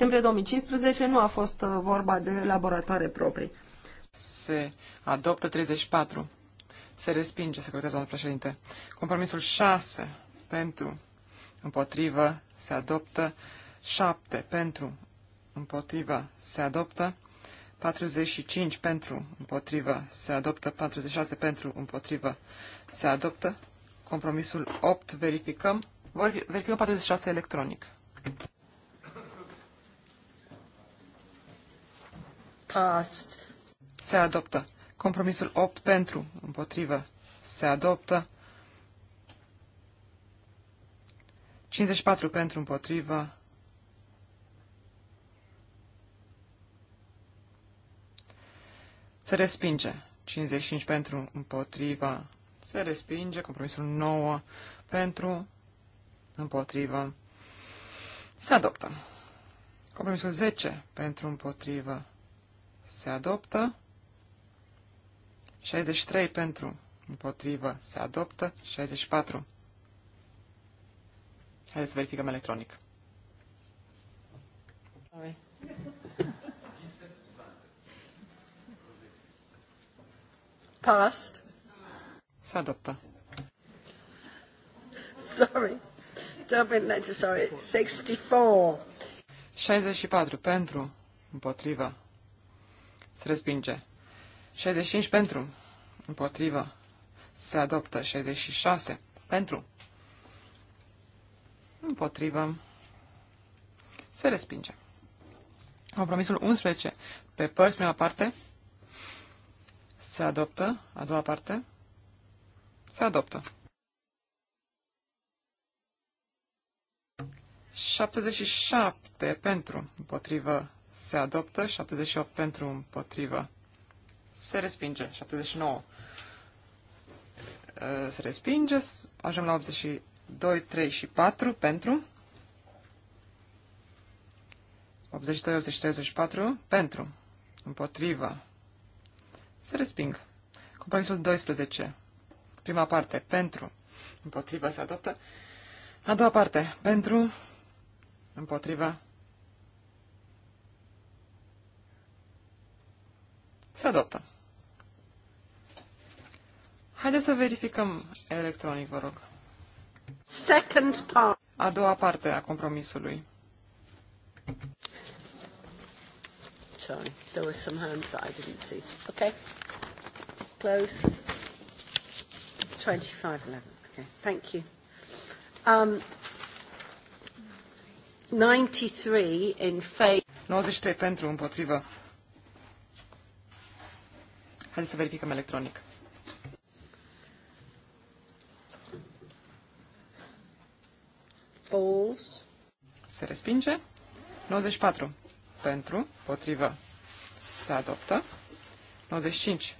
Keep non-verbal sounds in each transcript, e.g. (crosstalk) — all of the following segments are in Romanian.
septembrie 2015 nu a fost uh, vorba de laboratoare proprii. Se adoptă 34. Se respinge, secretarul domnul președinte. Compromisul 6 pentru împotrivă se adoptă 7 pentru împotrivă se adoptă 45 pentru împotrivă se adoptă 46 pentru împotrivă se adoptă compromisul 8 verificăm verificăm 46 electronic. passed. Se adoptă. Compromisul 8 pentru, împotrivă, se adoptă. 54 pentru, împotrivă. Se respinge. 55 pentru, împotrivă. Se respinge. Compromisul 9 pentru, împotrivă. Se adoptă. Compromisul 10 pentru, împotrivă se adoptă. 63 pentru, împotrivă, se adoptă. 64. Haideți să verificăm electronic. past Passed. Se adoptă. Sorry. Dublin legislative. 64. 64 pentru, împotrivă se respinge. 65 pentru. Împotrivă. Se adoptă. 66 pentru. Împotrivă. Se respinge. Compromisul 11. Pe părți, prima parte. Se adoptă. A doua parte. Se adoptă. 77 pentru, împotrivă, se adoptă, 78 pentru împotrivă se respinge, 79 uh, se respinge, ajungem la 82, 3 și 4 pentru 82, 83, 84 pentru împotrivă se resping. Compromisul 12, prima parte, pentru împotrivă se adoptă, a doua parte, pentru împotrivă Se adoptă. Haideți să verificăm electronic, vă rog. Second part. A doua parte a compromisului. Sorry, there was some hands that I didn't see. Okay. Close. 2511. Okay, thank you. Um, 93 in favor. 93 pentru împotrivă Haideți să verificăm electronic. False. Se respinge. 94. Pentru, potrivă, se adoptă. 95.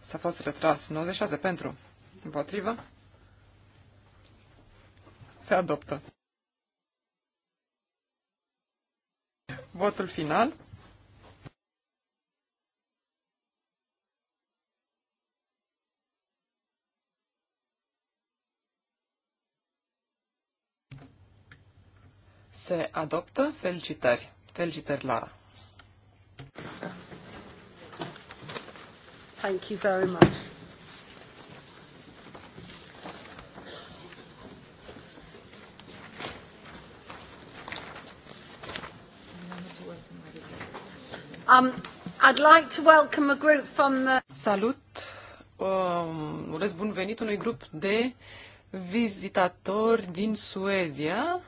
S-a fost retras. 96. Pentru, împotrivă, se adoptă. Votul final. Se adoptă. Felicitări. Felicitări, Lara. Thank you very much. Um, I'd like to welcome a group from the... Salut! Um, urez bun venit unui grup de vizitatori din Suedia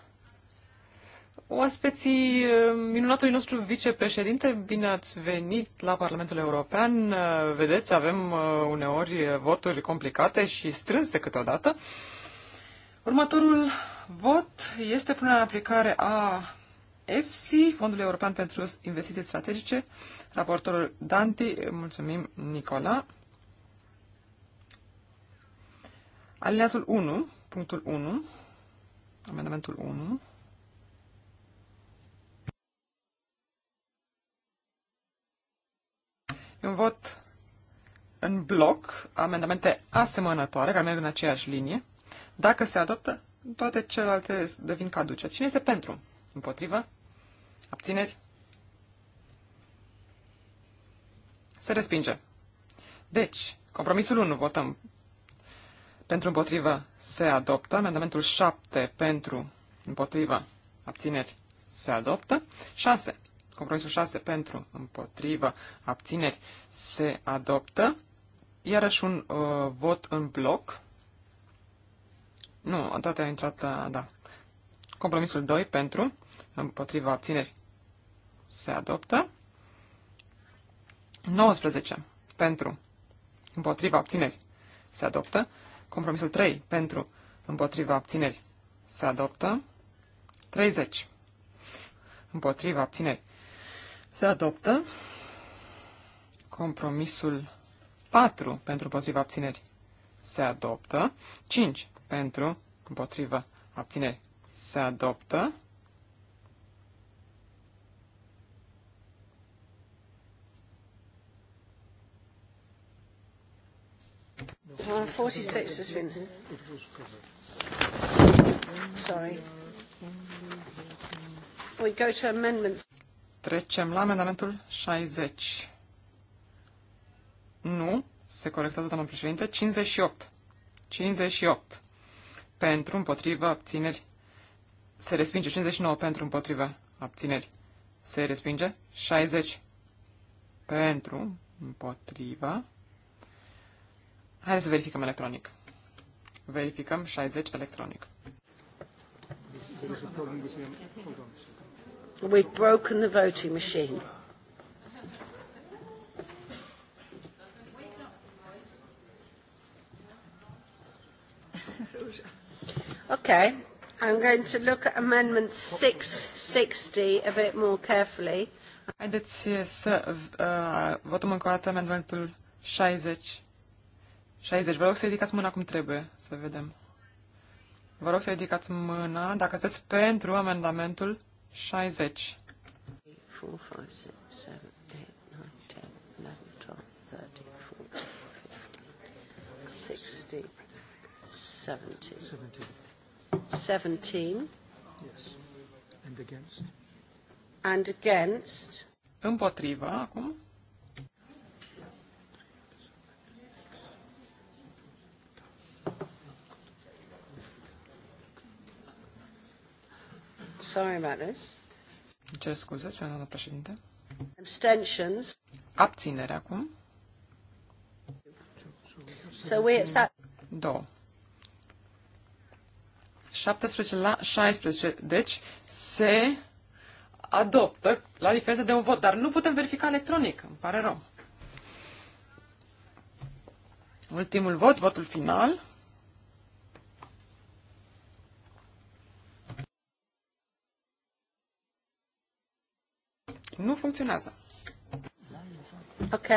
oaspeții eh, minunatului nostru vicepreședinte, bine ați venit la Parlamentul European. Eh, vedeți, avem eh, uneori voturi complicate și strânse câteodată. Următorul vot este punerea în aplicare a EFSI, Fondul European pentru Investiții Strategice, raportorul Danti, mulțumim, Nicola. Alineatul 1, punctul 1, amendamentul 1. un vot în bloc amendamente asemănătoare, care merg în aceeași linie. Dacă se adoptă, toate celelalte devin caduce. Cine este pentru? Împotrivă? Abțineri? Se respinge. Deci, compromisul 1 votăm pentru împotrivă se adoptă, amendamentul 7 pentru împotrivă abțineri se adoptă, 6 Compromisul 6 pentru, împotrivă, abțineri se adoptă. Iarăși un uh, vot în bloc. Nu, toate au intrat la, da. Compromisul 2 pentru, împotriva abțineri se adoptă. 19 pentru, împotriva abțineri se adoptă. Compromisul 3 pentru, împotriva abțineri se adoptă. 30 împotriva abțineri se adoptă compromisul 4 pentru împotriva abțineri. Se adoptă 5 pentru împotriva abțineri. Se adoptă Uh, 46 has been. Sorry. We go to amendments. Trecem la amendamentul 60. Nu, se corectează, doamna președinte, 58. 58. Pentru, împotrivă, abțineri. Se respinge 59 pentru, împotrivă, abțineri. Se respinge 60 pentru, împotriva. Hai să verificăm electronic. Verificăm 60 electronic. There is We've broken the voting machine. Okay, I'm going to look at amendment 660 a bit more carefully. Haideți eh, să uh, votăm încă o dată amendamentul 60. 60. Vă rog să ridicați mâna cum trebuie, să vedem. Vă rog să ridicați mâna dacă sunteți pentru amendamentul 60. 4, 5, 6, 7, 8, 9, 10, 11, 12, 13, 14, 15, 16, 17. 17. 17. Yes. And against? And against. Împotrivă, acum. Sorry about this. Cer scuze, spune doamna președinte. Abstentions. Abținere acum. So we, that... Do. 17 la 16, deci se adoptă la diferență de un vot, dar nu putem verifica electronic, îmi pare rău. Ultimul vot, votul final. nu funcționează. Ok.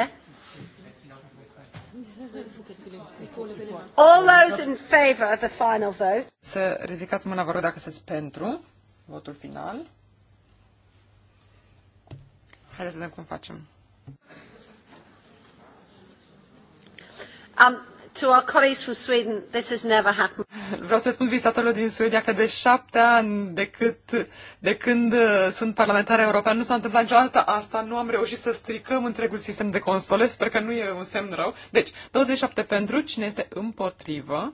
All those in favor of the final vote. Să ridicați mâna, vă rog, dacă sunteți pentru votul final. Haideți să vedem cum facem. Um, to our colleagues from Sweden, this has never happened vreau să spun visatorilor din Suedia că de șapte ani de, cât, de când uh, sunt parlamentar european nu s-a întâmplat niciodată asta, nu am reușit să stricăm întregul sistem de console, sper că nu e un semn rău. Deci, 27 pentru, cine este împotrivă?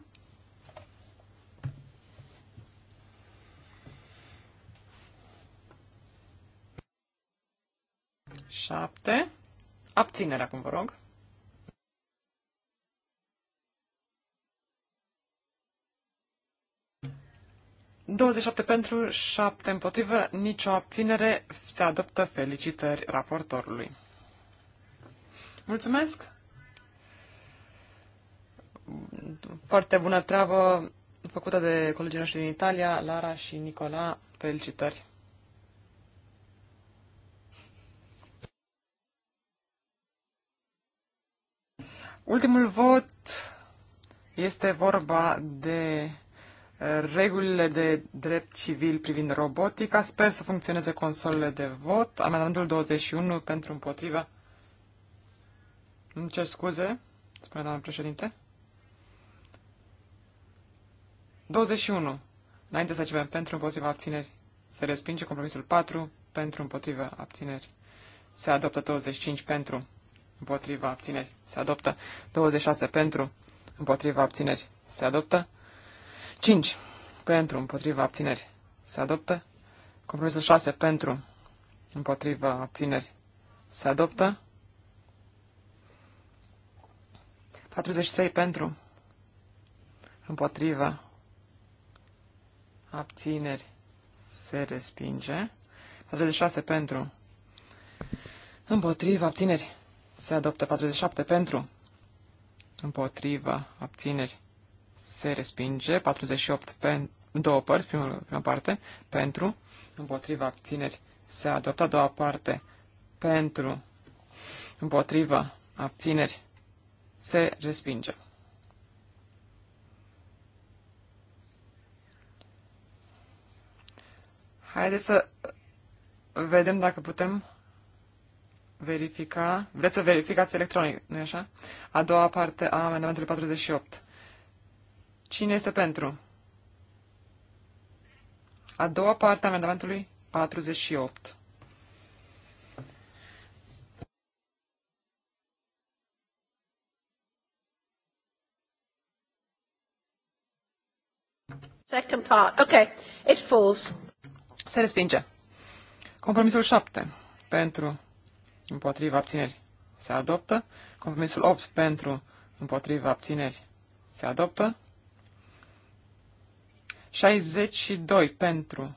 Șapte. Abținerea, acum vă rog. 27 pentru, 7 împotrivă, nicio abținere. Se adoptă felicitări raportorului. Mulțumesc! Foarte bună treabă făcută de colegii noștri din Italia, Lara și Nicola. Felicitări! Ultimul vot este vorba de regulile de drept civil privind robotica. Sper să funcționeze consolele de vot. Amendamentul 21 pentru împotriva. Îmi cer scuze, spune doamna președinte. 21. Înainte să începem pentru împotriva abțineri. Se respinge compromisul 4 pentru împotriva abțineri. Se adoptă 25 pentru împotriva abțineri. Se adoptă 26 pentru împotriva abțineri. Se adoptă 5. Pentru, împotriva abțineri. Se adoptă. Compromisul 6. Pentru, împotriva abțineri. Se adoptă. 43. Pentru, împotriva abțineri. Se respinge. 46. Pentru, împotriva abțineri. Se adoptă. 47. Pentru, împotriva abțineri se respinge, 48 pe două părți, prima, prima parte, pentru, împotriva abțineri se adoptă, a doua parte, pentru, împotriva abțineri se respinge. Haideți să vedem dacă putem verifica. Vreți să verificați electronic, nu-i așa? A doua parte a amendamentului 48. Cine este pentru? A doua parte a amendamentului 48. Second part. Okay. It falls. Se respinge. Compromisul 7 pentru împotriva abțineri se adoptă. Compromisul 8 pentru împotriva abțineri se adoptă. 62 pentru.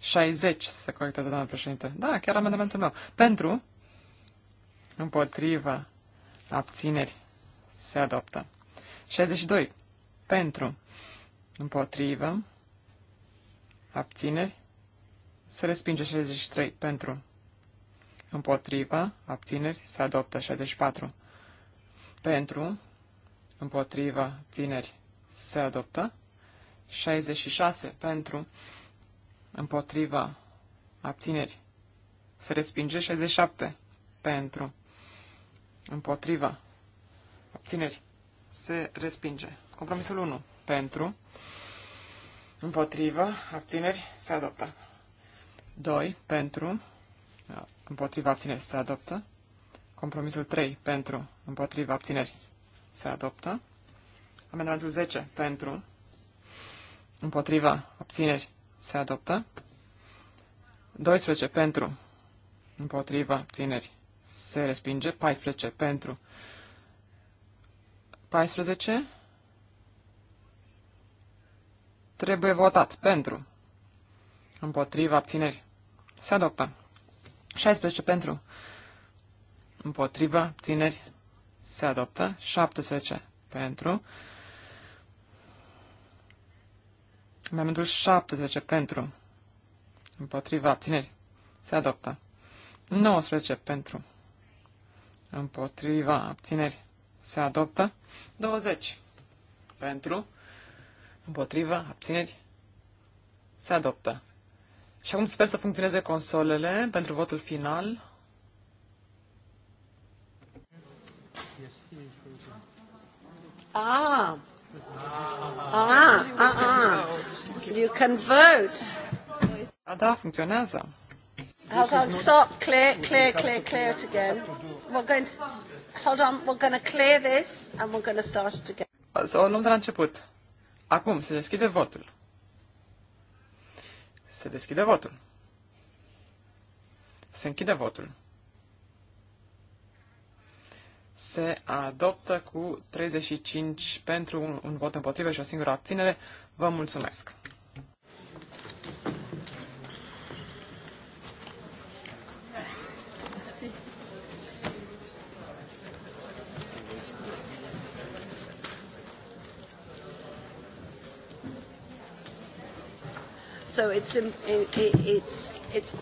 60 se corectează, doamna președinte. Da, chiar amendamentul meu. Pentru. Împotriva. Abțineri. Se adoptă. 62. Pentru. Împotrivă. Abțineri. Se respinge 63. Pentru. Împotriva. Abțineri. Se adoptă 64. Pentru. Împotriva. Abțineri. Se adoptă. 66 pentru, împotriva, abțineri. Se respinge 67 pentru, împotriva, abțineri. Se respinge. Compromisul 1 pentru, împotriva, abțineri, se adoptă. 2 pentru, împotriva, abțineri, se adoptă. Compromisul 3 pentru, împotriva, abțineri, se adoptă. Amendamentul 10 pentru, Împotriva. Abțineri. Se adoptă. 12 pentru. Împotriva. Abțineri. Se respinge. 14 pentru. 14. Trebuie votat. Pentru. Împotriva. Abțineri. Se adoptă. 16 pentru. Împotriva. Abțineri. Se adoptă. 17 pentru. Amendamentul 17 pentru. Împotriva abțineri. Se adoptă. 19 pentru. Împotriva abțineri. Se adoptă. 20 pentru. Împotriva abțineri. Se adoptă. Și acum sper să funcționeze consolele pentru votul final. Ah! Ah, ah, ah. You can vote. Da, da, funcționează. Hold on, stop, clear, clear, clear, clear it again. We're going to, hold on, we're going to clear this and we're going to start it again. Să o luăm de la început. Acum se deschide votul. Se deschide votul. Se închide votul se adoptă cu 35 pentru un, un vot împotrivă și o singură abținere. Vă mulțumesc! So it's, it's, it's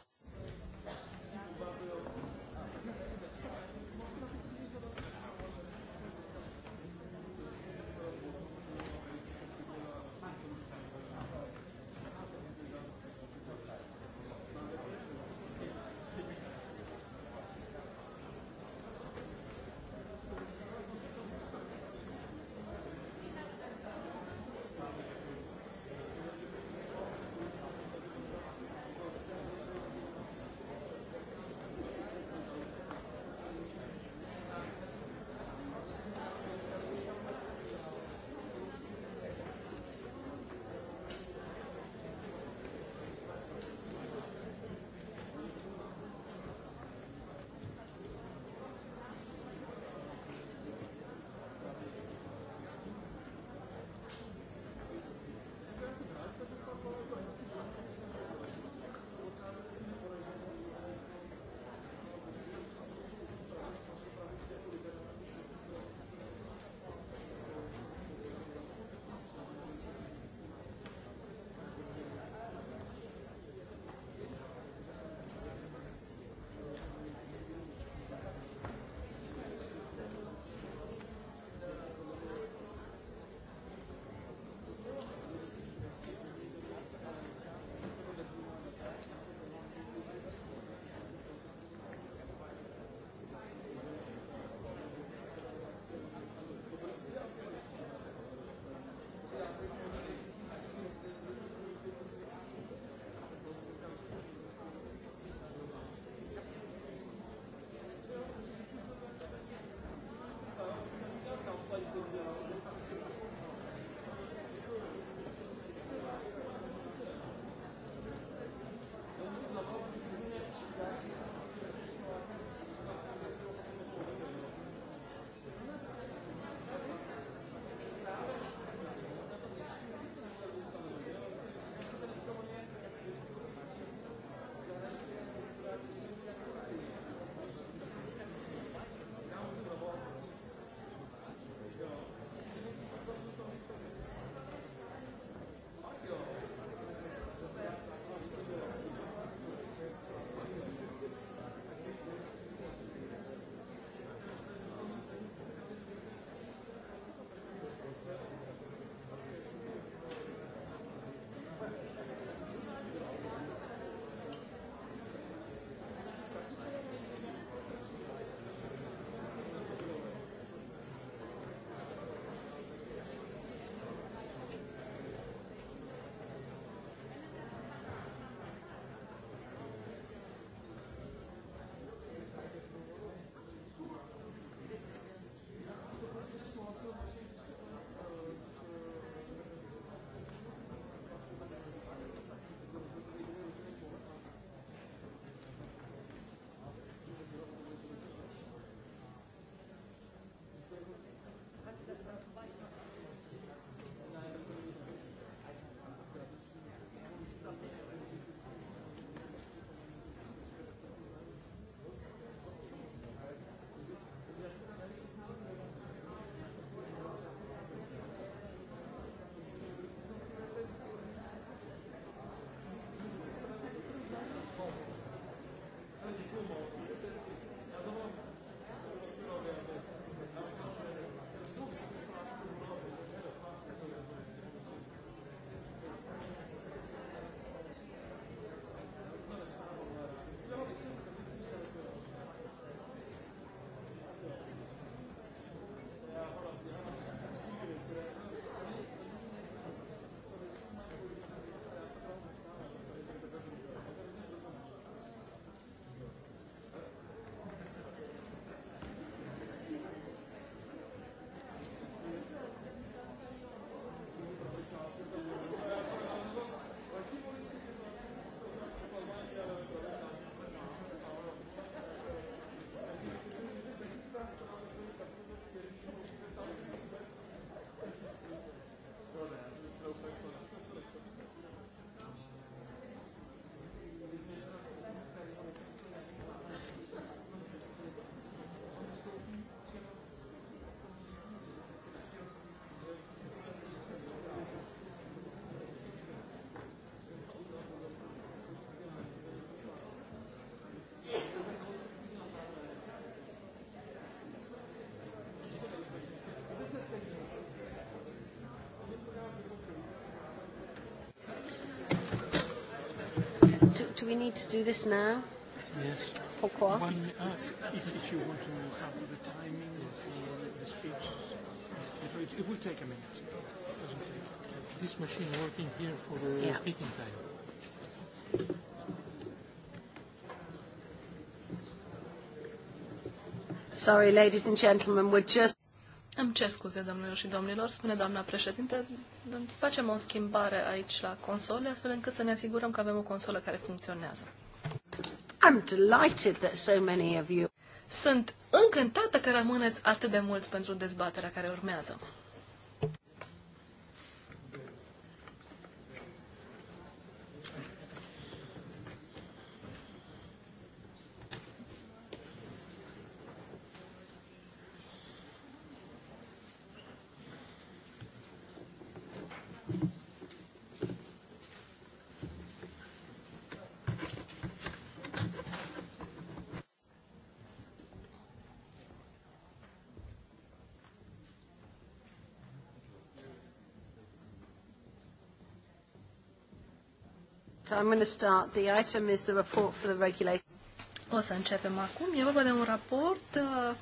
do we need to do this now? Yes. Pourquoi? One, uh, if, if you want to have the timing for uh, the speech, it, it will take a minute. this machine working here for the yeah. speaking time. Sorry, ladies and gentlemen, we're just cer scuze, domnilor și domnilor, spune doamna președinte, facem o schimbare aici la console, astfel încât să ne asigurăm că avem o consolă care funcționează. I'm delighted that so many of you... Sunt încântată că rămâneți atât de mulți pentru dezbaterea care urmează. I'm going to start. The item is the report for the regulator. O să începem acum. E vorba de un raport uh,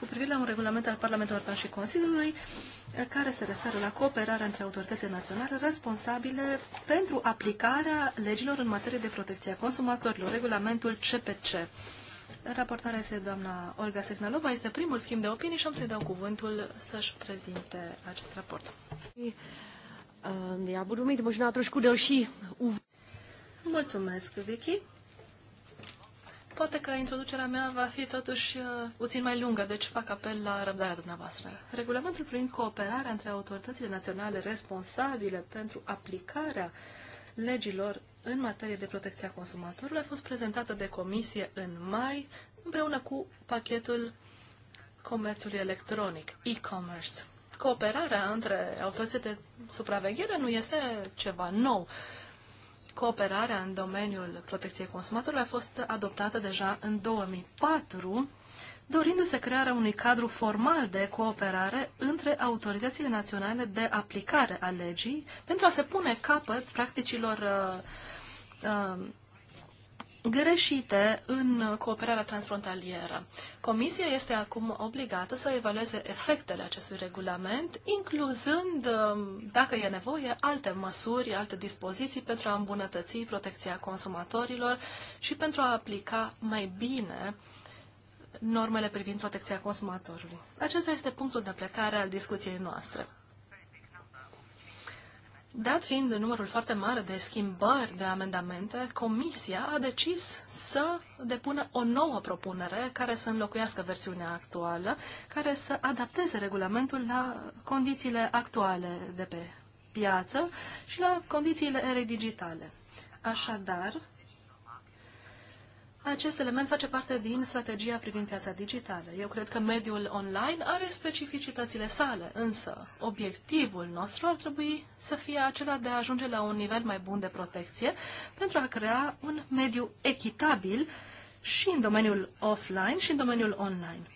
cu privire la un regulament al Parlamentului European și Consiliului uh, care se referă la cooperarea între autoritățile naționale responsabile pentru aplicarea legilor în materie de protecție a consumatorilor, regulamentul CPC. Raportarea este doamna Olga Sehnalova, este primul schimb de opinii și am să-i dau cuvântul să-și prezinte acest raport. Uh, já budu mít možná trošku delší úvod. Mulțumesc, Vicky. Poate că introducerea mea va fi totuși uh, puțin mai lungă, deci fac apel la răbdarea dumneavoastră. Regulamentul privind cooperarea între autoritățile naționale responsabile pentru aplicarea legilor în materie de protecție a consumatorului a fost prezentată de comisie în mai împreună cu pachetul comerțului electronic, e-commerce. Cooperarea între autoritățile de supraveghere nu este ceva nou. Uh, cooperarea în domeniul protecției consumatorilor a fost adoptată deja în 2004, dorindu-se crearea unui cadru formal de cooperare între autoritățile naționale de aplicare a legii pentru a se pune capăt practicilor uh, uh, greșite în cooperarea transfrontalieră. Comisia este acum obligată să evalueze efectele acestui regulament, incluzând, um, dacă e nevoie, alte măsuri, alte dispoziții pentru a îmbunătăți protecția consumatorilor și pentru a aplica mai bine normele privind protecția consumatorului. Acesta este punctul de plecare al discuției noastre. Dat fiind numărul foarte mare de schimbări de amendamente, Comisia a decis să depună o nouă propunere care să înlocuiască versiunea actuală, care să adapteze regulamentul la condițiile actuale de pe piață și la condițiile digitale. Așadar, acest element face parte din strategia privind piața digitală. Eu cred că mediul online are specificitățile sale, însă obiectivul nostru ar trebui să fie acela de a ajunge la un nivel mai bun de protecție pentru a crea un mediu echitabil și în domeniul offline și în domeniul online.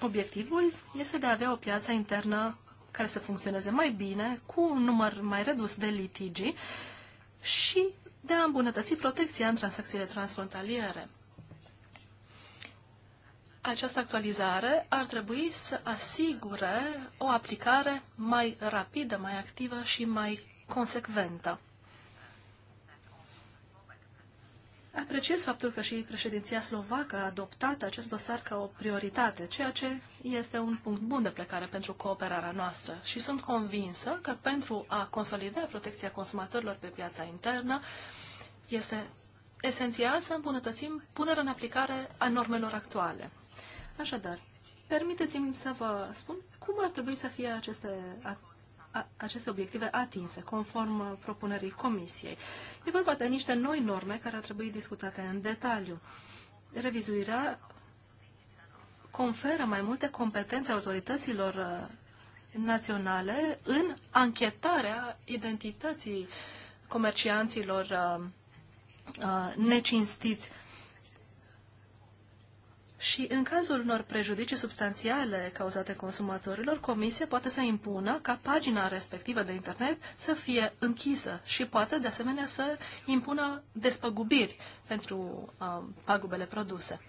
Obiectivul este de a avea o piață internă care să funcționeze mai bine, cu un număr mai redus de litigi și de a îmbunătăți protecția în tranzacțiile transfrontaliere. Această actualizare ar trebui să asigure o aplicare mai rapidă, mai activă și mai consecventă. Apreciez faptul că și președinția slovacă a adoptat acest dosar ca o prioritate, ceea ce este un punct bun de plecare pentru cooperarea noastră și sunt convinsă că pentru a consolida protecția consumatorilor pe piața internă este esențial să îmbunătățim punerea în aplicare a normelor actuale. Așadar, permiteți-mi să vă spun cum ar trebui să fie aceste aceste obiective atinse, conform uh, propunerii Comisiei. E vorba de niște noi norme care ar trebui discutate în detaliu. Revizuirea conferă mai multe competențe autorităților uh, naționale în anchetarea identității comercianților uh, necinstiți și în cazul unor prejudicii substanțiale cauzate consumatorilor, comisia poate să impună ca pagina respectivă de internet să fie închisă și poate de asemenea să impună despăgubiri pentru uh, pagubele produse.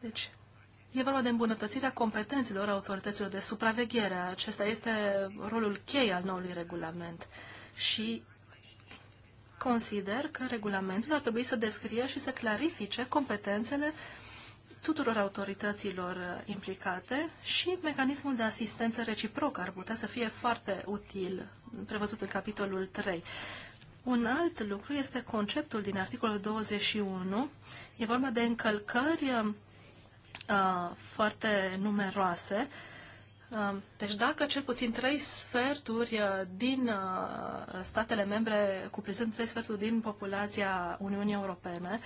Deci, e vorba de îmbunătățirea competențelor autorităților de supraveghere. Acesta este rolul chei al noului regulament. Și Consider că regulamentul ar trebui să descrie și să clarifice competențele tuturor autorităților uh, implicate și mecanismul de asistență reciprocă ar putea să fie foarte util, prevăzut în capitolul 3. Un alt lucru este conceptul din articolul 21. E vorba de încălcări uh, uh foarte numeroase uh, Um, deci dacă cel puțin trei sferturi uh, din uh, statele membre, cuprinzând trei sferturi din populația Uniunii Europene,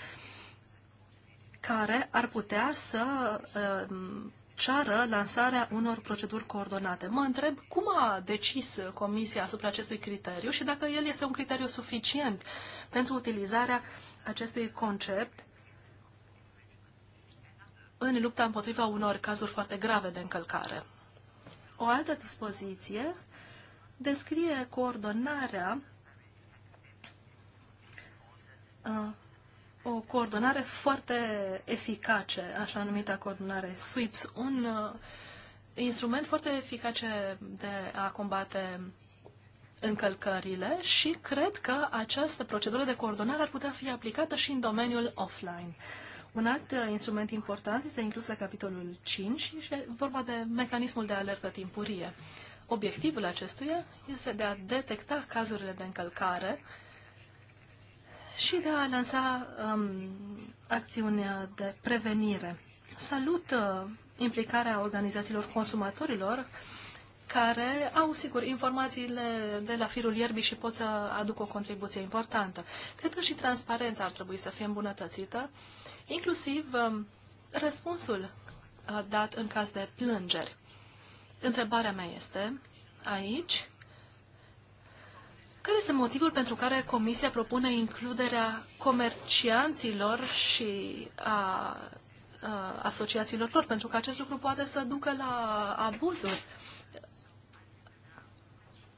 care ar putea să uh, ceară lansarea unor proceduri coordonate. Mă întreb cum a decis Comisia asupra acestui criteriu și dacă el este un criteriu suficient pentru utilizarea acestui concept în lupta împotriva unor cazuri foarte grave de încălcare. O altă dispoziție descrie coordonarea uh, o coordonare foarte eficace, așa numită coordonare SWIPS, un uh, instrument foarte eficace de a combate încălcările și cred că această procedură de coordonare ar putea fi aplicată și în domeniul offline. Un alt uh, instrument important este inclus la capitolul 5 și vorba de mecanismul de alertă timpurie. Obiectivul acestuia este de a detecta cazurile de încălcare și de a lansa um, acțiunea uh, de prevenire. Salut uh, implicarea organizațiilor consumatorilor uh, care au, sigur, informațiile de la firul ierbii și pot să aducă o contribuție importantă. Cred că și transparența ar trebui să fie îmbunătățită, inclusiv um, răspunsul uh, dat în caz de plângeri. Întrebarea mea este aici, care este motivul pentru care Comisia propune includerea comercianților și a, a asociațiilor lor? Pentru că acest lucru poate să ducă la abuzuri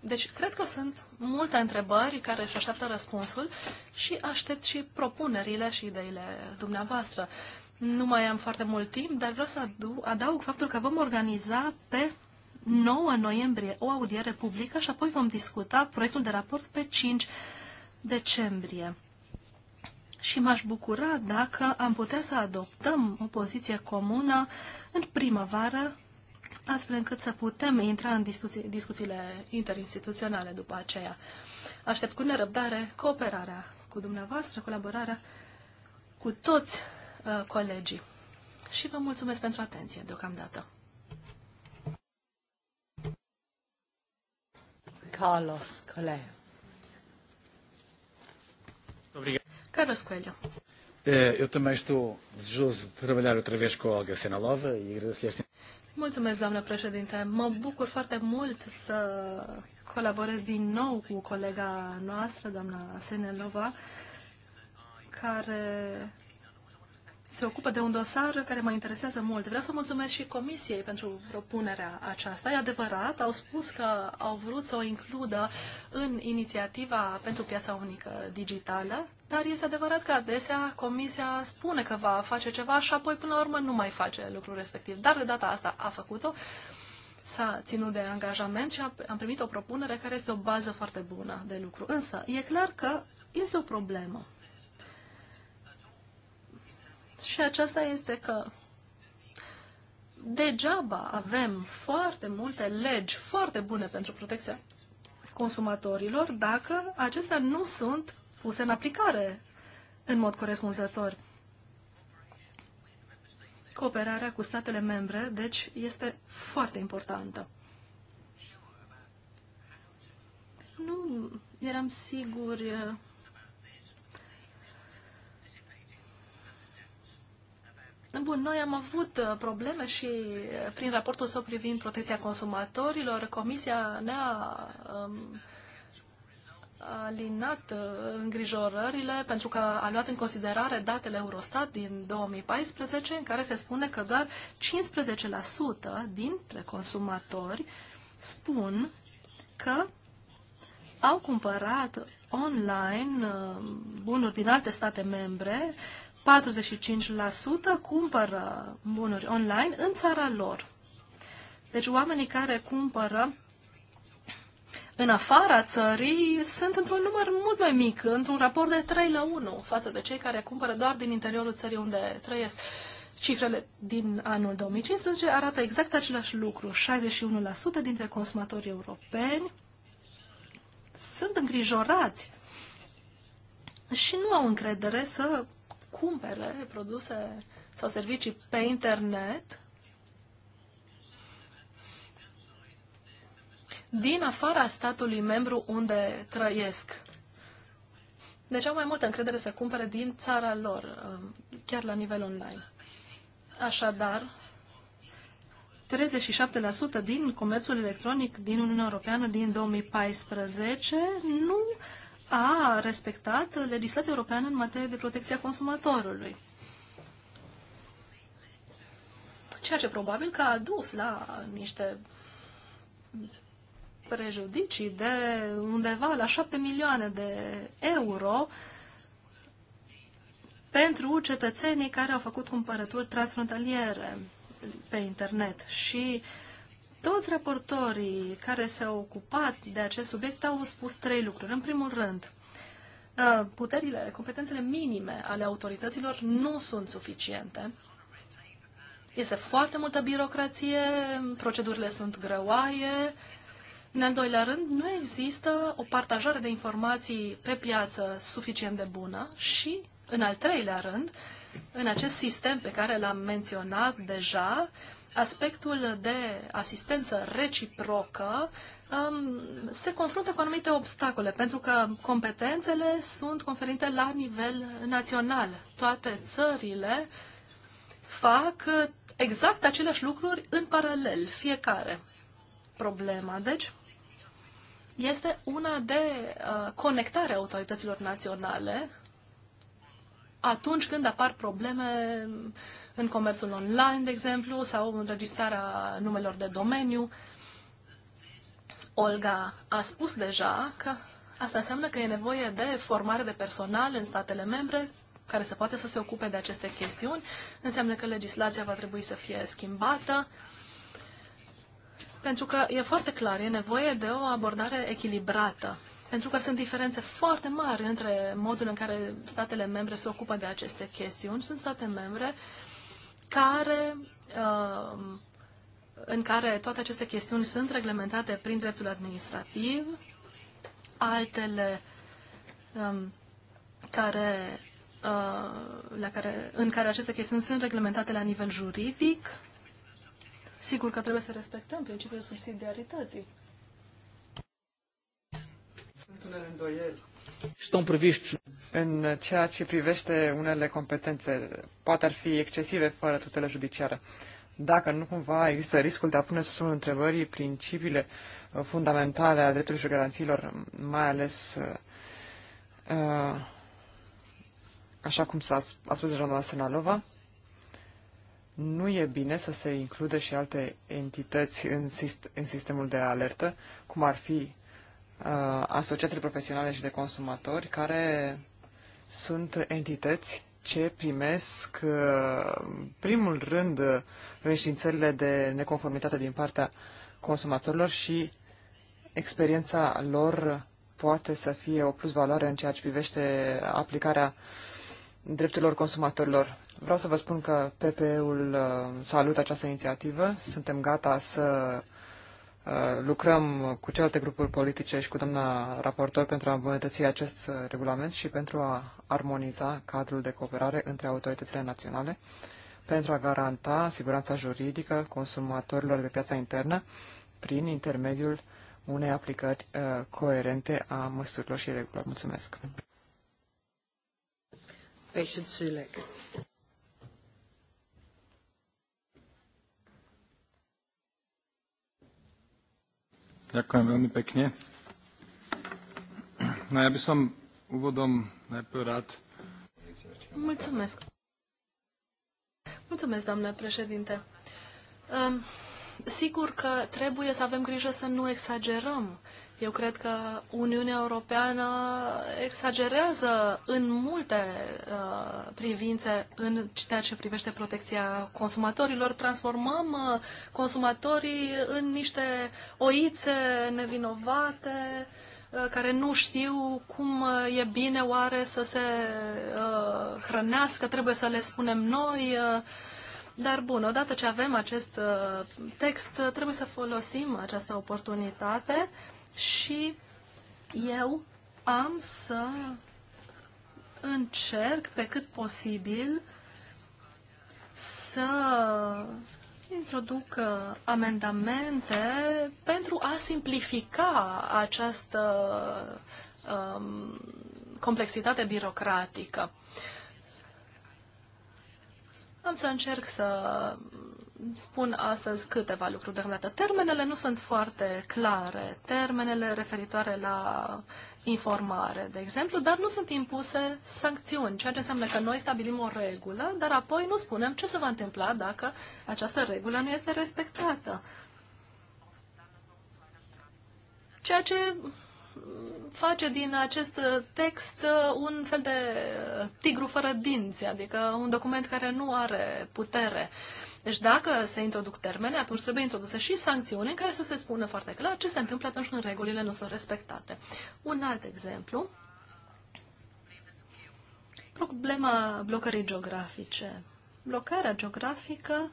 deci, cred că sunt multe întrebări care își așteaptă răspunsul și aștept și propunerile și ideile dumneavoastră. Nu mai am foarte mult timp, dar vreau să adaug faptul că vom organiza pe 9 noiembrie o audiere publică și apoi vom discuta proiectul de raport pe 5 decembrie. Și m-aș bucura dacă am putea să adoptăm o poziție comună în primăvară astfel încât să putem intra în discuții, discuțiile interinstituționale după aceea. Aștept cu nerăbdare cooperarea cu dumneavoastră, colaborarea cu toți uh, colegii. Și vă mulțumesc pentru atenție deocamdată. Carlos Coelho. Carlos Coelho. Eh, eu também estou desejoso de trabalhar outra vez com a Olga Senalova e agradeço-lhe esta... Mulțumesc, doamnă președinte. Mă bucur foarte mult să colaborez din nou cu colega noastră, doamna Senelova, care se ocupă de un dosar care mă interesează mult. Vreau să mulțumesc și Comisiei pentru propunerea aceasta. E adevărat, au spus că au vrut să o includă în inițiativa pentru piața unică digitală, dar este adevărat că adesea Comisia spune că va face ceva și apoi până la urmă nu mai face lucrul respectiv. Dar de data asta a făcut-o, s-a ținut de angajament și am primit o propunere care este o bază foarte bună de lucru. Însă, e clar că este o problemă și aceasta este că degeaba avem foarte multe legi foarte bune pentru protecția consumatorilor dacă acestea nu sunt puse în aplicare în mod corespunzător. Cooperarea cu statele membre, deci, este foarte importantă. Nu eram sigur Bun, noi am avut uh, probleme și uh, prin raportul său privind protecția consumatorilor, Comisia ne-a um, alinat uh, îngrijorările pentru că a luat în considerare datele Eurostat din 2014 în care se spune că doar 15% dintre consumatori spun că au cumpărat online bunuri din alte state membre uh, 45% cumpără bunuri online în țara lor. Deci oamenii care cumpără în afara țării sunt într-un număr mult mai mic, într-un raport de 3 la 1 față de cei care cumpără doar din interiorul țării unde trăiesc. Cifrele din anul 2015 arată exact același lucru. 61% dintre consumatorii europeni sunt îngrijorați și nu au încredere să cumpere produse sau servicii pe internet din afara statului membru unde trăiesc. Deci au mai multă încredere să cumpere din țara lor, um, chiar la nivel online. Așadar, 37% din comerțul electronic din Uniunea Europeană din 2014 nu a respectat legislația europeană în materie de protecție a consumatorului. Ceea ce probabil că a dus la niște prejudicii de undeva la 7 milioane de euro pentru cetățenii care au făcut cumpărături transfrontaliere pe internet. Și uh, toți raportorii care s-au ocupat de acest subiect au spus trei lucruri. În primul rând, uh, puterile, competențele minime ale autorităților nu sunt suficiente. Este foarte multă birocrație, procedurile sunt greoaie. În al doilea rând, nu există o partajare de informații pe piață suficient de bună și, în al treilea rând, în acest sistem pe care l-am menționat deja, aspectul de asistență reciprocă um, se confruntă cu anumite obstacole, pentru că competențele sunt conferite la nivel național. Toate țările fac uh, exact aceleași lucruri în paralel, fiecare. Problema, deci, este una de uh, conectare a autorităților naționale atunci când apar probleme în comerțul online, de exemplu, sau înregistrarea numelor de domeniu. Olga a spus deja că asta înseamnă că e nevoie de formare de personal în statele membre care se poate să se ocupe de aceste chestiuni. Înseamnă că legislația va trebui să fie schimbată. Pentru că e foarte clar, e nevoie de o abordare echilibrată. Pentru că sunt diferențe foarte mari între modul în care statele membre se ocupă de aceste chestiuni. Sunt state membre uh, care, uh, în care toate aceste chestiuni sunt reglementate prin dreptul administrativ, altele um, care, uh, la care, în care aceste chestiuni sunt reglementate la nivel juridic, sigur că trebuie să respectăm principiul subsidiarității. Sunt unele îndoieli în ceea ce privește unele competențe, poate ar fi excesive fără tutela judiciară. Dacă nu cumva există riscul de a pune sub semnul întrebării principiile uh, fundamentale a drepturilor și garanțiilor, mai ales uh, așa cum s-a a spus doamna Senalova, nu e bine să se includă și alte entități în, sist- în sistemul de alertă, cum ar fi Uh, asociațiile profesionale și de consumatori, care sunt entități ce primesc uh, primul rând uh, înștiințările de neconformitate din partea consumatorilor și experiența lor poate să fie o plusvaloare în ceea ce privește aplicarea drepturilor consumatorilor. Vreau să vă spun că PPE-ul salută această inițiativă. Suntem gata să Uh, lucrăm cu celelalte grupuri politice și cu doamna raportor pentru a îmbunătăți acest uh, regulament și pentru a armoniza cadrul de cooperare între autoritățile naționale pentru a garanta siguranța juridică consumatorilor de piața internă prin intermediul unei aplicări uh, coerente a măsurilor și regulilor. Mulțumesc! Ďakujem veľmi pekne. No ja by som úvodom najprv rád... Mulțumesc. Mulțumesc, doamnă președinte. Um, sigur că trebuie să avem grijă să nu exagerăm eu cred că Uniunea Europeană exagerează în multe uh, privințe în ceea ce privește protecția consumatorilor. Transformăm uh, consumatorii în niște oițe nevinovate uh, care nu știu cum uh, e bine oare să se uh, hrănească, trebuie să le spunem noi. Uh, dar bun, odată ce avem acest uh, text, trebuie să folosim această oportunitate și eu am să încerc pe cât posibil să introduc uh, amendamente pentru a simplifica această um, complexitate birocratică. Am să încerc să spun astăzi câteva lucruri deocamdată. Termenele nu sunt foarte clare, termenele referitoare la informare, de exemplu, dar nu sunt impuse sancțiuni, ceea ce înseamnă că noi stabilim o regulă, dar apoi nu spunem ce se va întâmpla dacă această regulă nu este respectată. Ceea ce face din acest text un fel de tigru fără dinți, adică un document care nu are putere. Uh, deci dacă se introduc termene, atunci trebuie introduse și sancțiuni în care să se spună foarte clar ce se întâmplă atunci când regulile nu sunt respectate. Un alt exemplu, problema blocării geografice. Blocarea geografică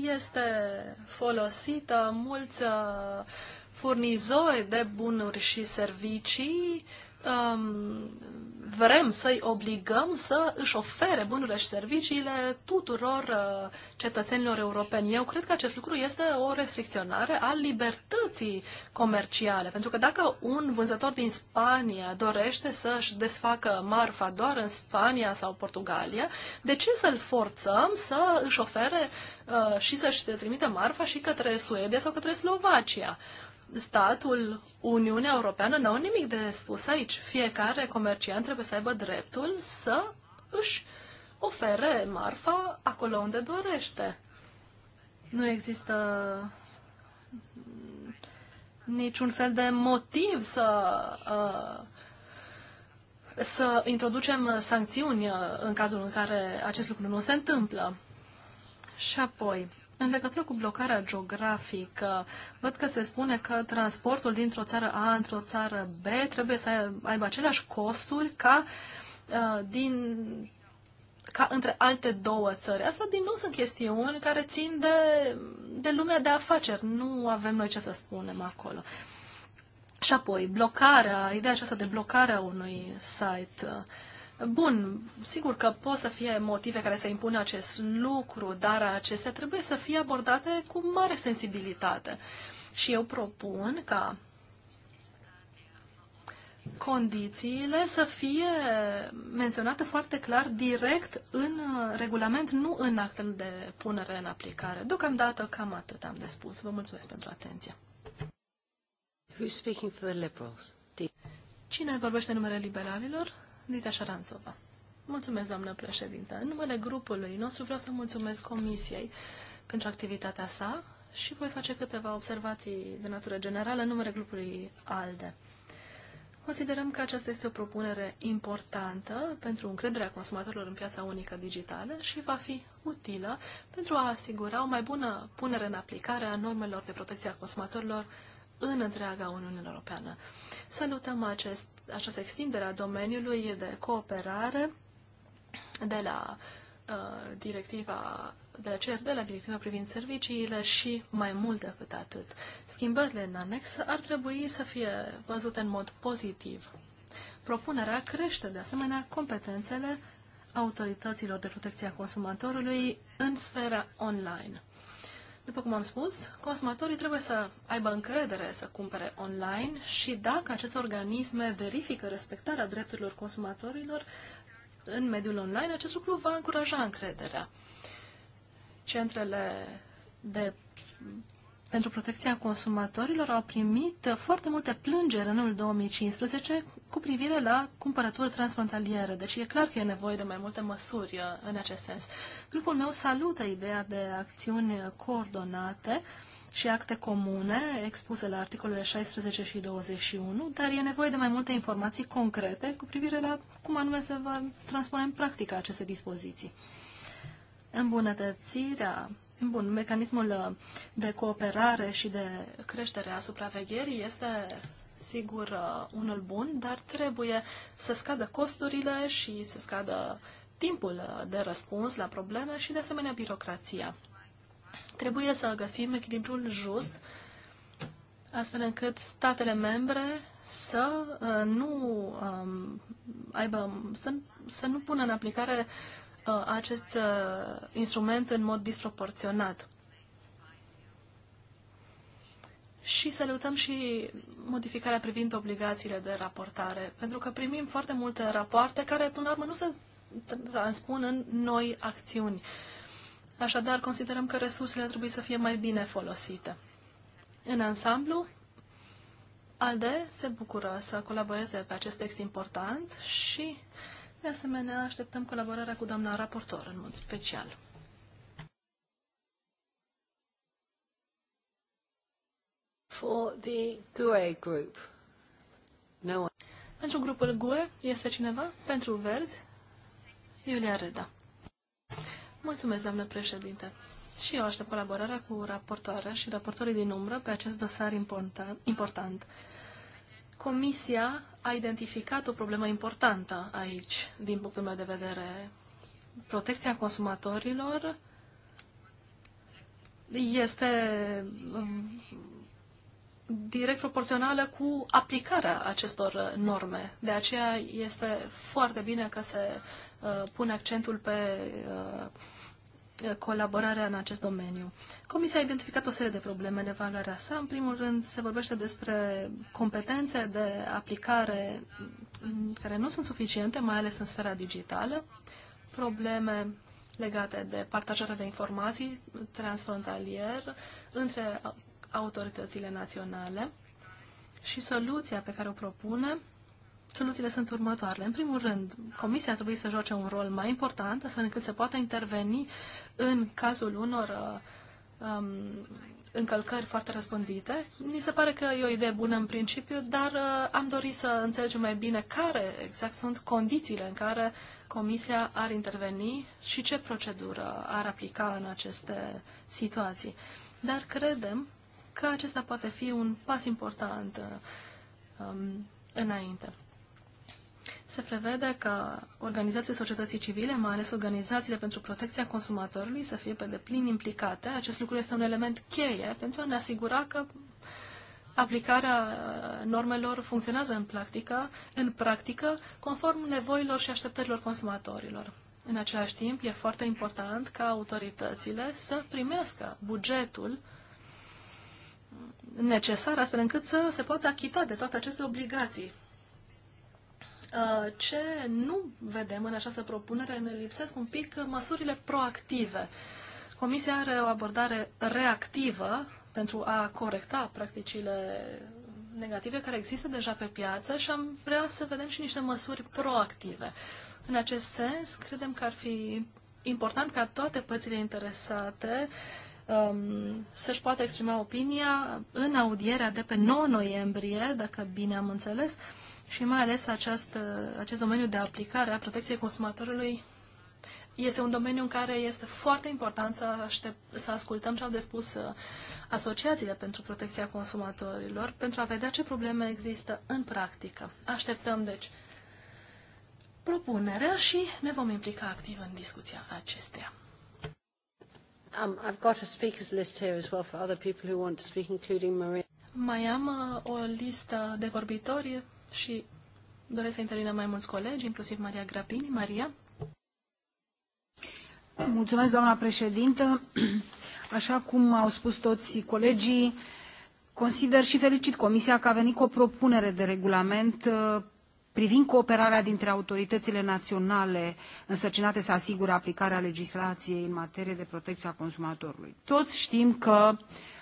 este folosită mulți uh, furnizori de bunuri și servicii uh, um, vrem să-i obligăm să își ofere bunurile și serviciile tuturor uh, cetățenilor europeni. Eu cred că acest lucru este o restricționare a libertății comerciale, pentru că dacă un vânzător din Spania dorește să-și desfacă marfa doar în Spania sau Portugalia, de ce să-l forțăm să își ofere uh, și să-și trimită marfa și către Suedia sau către Slovacia? Uh, statul, Uniunea Europeană n-au nimic de spus aici. Fiecare comerciant trebuie să aibă dreptul să își ofere marfa acolo unde dorește. Nu există niciun fel de motiv să, uh, să introducem sancțiuni în cazul în care acest lucru nu se întâmplă. Și apoi, în legătură cu blocarea geografică, văd că se spune că transportul dintr-o țară A într-o țară B trebuie să aibă aceleași costuri ca uh, din ca între alte două țări. Asta din nou sunt chestiuni care țin de, de lumea de afaceri. Nu avem noi ce să spunem acolo. Și apoi, blocarea, ideea aceasta de blocarea unui site. Uh, Bun, sigur că pot să fie motive care să impună acest lucru, dar acestea trebuie să fie abordate cu mare sensibilitate. Și eu propun ca condițiile să fie menționate foarte clar direct în regulament, nu în actul de punere în aplicare. Deocamdată cam atât am de spus. Vă mulțumesc pentru atenție. Cine vorbește numele liberalilor? Dita Șaranțova. Mulțumesc, doamnă președintă. În numele grupului nostru vreau să mulțumesc Comisiei pentru activitatea sa și voi face câteva observații de natură generală în numele grupului ALDE. Considerăm că aceasta este o propunere importantă pentru încrederea consumatorilor în piața unică digitală și va fi utilă pentru a asigura o mai bună punere în aplicare a normelor de protecție a consumatorilor în întreaga Uniune Europeană. Salutăm acest această extindere a domeniului de cooperare de la uh, directiva de la CER, de la directiva privind serviciile și mai mult decât atât. Schimbările în anexă ar trebui să fie văzute în mod pozitiv. Propunerea crește, de asemenea, competențele autorităților de protecție a consumatorului în sfera online. După cum am spus, consumatorii trebuie să aibă încredere să cumpere online și dacă aceste organisme verifică respectarea drepturilor consumatorilor în mediul online, acest lucru va încuraja încrederea. Centrele de pentru protecția consumatorilor au primit foarte multe plângeri în anul 2015 cu privire la cumpărături transfrontaliere. Deci e clar că e nevoie de mai multe măsuri uh, în acest sens. Grupul meu salută ideea de acțiuni coordonate și acte comune expuse la articolele 16 și 21, dar e nevoie de mai multe informații concrete cu privire la cum anume se va transpune în practică aceste dispoziții. Îmbunătățirea Bun, mecanismul uh, de cooperare și de creștere a supravegherii este sigur uh, unul bun, dar trebuie să scadă costurile și să scadă timpul uh, de răspuns la probleme și de asemenea birocrația. Trebuie să găsim echilibrul just astfel încât statele membre să nu um, aibă, să, să nu pună în aplicare uh, Uh, acest uh, instrument în mod disproporționat. Și salutăm și modificarea privind obligațiile de raportare, pentru că primim foarte multe rapoarte care, până la urmă, nu se transpun în noi acțiuni. Așadar, considerăm că resursele trebuie să fie mai bine folosite. În ansamblu, ALDE se bucură să colaboreze pe acest text important și uh, de asemenea, așteptăm colaborarea cu doamna raportor în mod special. For the GUE group. No one. Pentru grupul GUE este cineva? Pentru Verzi? Iulia Reda. Mulțumesc, doamnă președinte. Și eu aștept colaborarea cu raportoarea și raportorii din umbră pe acest dosar important. important. Comisia a identificat o problemă importantă aici, din punctul meu de vedere. Protecția consumatorilor este direct proporțională cu aplicarea acestor norme. De aceea este foarte bine că se uh, pune accentul pe uh, colaborarea în acest domeniu. Comisia a identificat o serie de probleme în evaluarea sa. În primul rând, se vorbește despre competențe de aplicare care nu sunt suficiente, mai ales în sfera digitală, probleme legate de partajarea de informații transfrontalier între autoritățile naționale și soluția pe care o propune Soluțiile sunt următoarele. În primul rând, Comisia trebuie să joace un rol mai important, astfel încât să poată interveni în cazul unor uh, um, încălcări foarte răspândite. Mi se pare că e o idee bună în principiu, dar uh, am dorit să înțelegem mai bine care exact sunt condițiile în care Comisia ar interveni și ce procedură ar aplica în aceste situații. Dar credem că acesta poate fi un pas important uh, um, înainte se prevede că organizații societății civile, mai ales organizațiile pentru protecția consumatorului, să fie pe deplin implicate. Acest lucru este un element cheie pentru a ne asigura că aplicarea uh, normelor funcționează în practică, în practică conform nevoilor și așteptărilor consumatorilor. În același timp, e foarte important ca autoritățile să primească bugetul necesar astfel încât să se poată achita de toate aceste obligații Uh, ce nu vedem în această propunere, ne lipsesc un pic măsurile proactive. Comisia are o abordare reactivă pentru a corecta practicile negative care există deja pe piață și am vrea să vedem și niște măsuri proactive. În acest sens, credem că ar fi important ca toate părțile interesate um, să-și poată exprima opinia în audierea de pe 9 noiembrie, dacă bine am înțeles, uh, și mai ales această, acest domeniu de aplicare a protecției consumatorului este un domeniu în care este foarte important să, aștept, să ascultăm ce au de spus uh, asociațiile pentru protecția consumatorilor, pentru a vedea ce probleme există în practică. Așteptăm, deci, propunerea și ne vom implica activ în discuția acesteia. Um, I've got a speakers list here as well for other people who want to speak, including Maria. Mai am uh, o listă de vorbitori și doresc să intervină mai mulți colegi, inclusiv Maria Grapini. Maria? Mulțumesc, doamna președintă. (clears throat) Așa cum au spus toți colegii, consider și felicit Comisia că a venit cu o propunere de regulament uh, privind cooperarea dintre autoritățile naționale însărcinate să asigure aplicarea legislației în materie de protecție a consumatorului. Toți știm că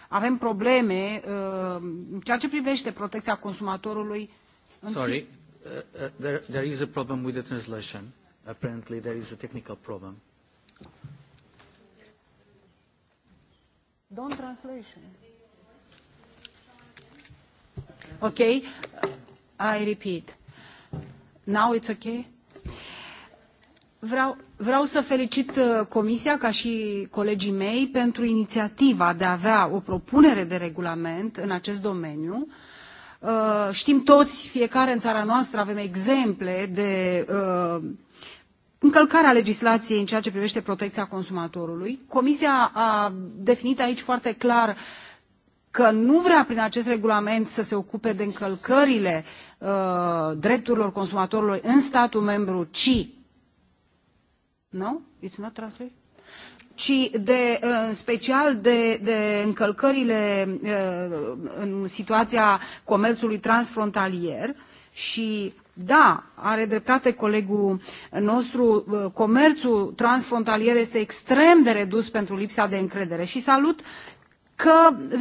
avem probleme uh, în ceea ce privește protecția consumatorului Sorry, uh, uh, there, there is a problem with the translation. Apparently there is a technical problem. Don't translation. Okay, I repeat. Now it's okay? Vreau, vreau să felicit uh, Comisia ca și colegii mei pentru inițiativa de a avea o propunere de regulament în acest domeniu uh, Uh, știm toți, fiecare în țara noastră, avem exemple de uh, încălcarea legislației în ceea ce privește protecția consumatorului. Comisia a definit aici foarte clar că nu vrea prin acest regulament să se ocupe de încălcările uh, drepturilor consumatorilor în statul membru, ci... Nu? No? It's not translated ci de, în special de, de încălcările în situația comerțului transfrontalier și da, are dreptate colegul nostru, comerțul transfrontalier este extrem de redus pentru lipsa de încredere și salut că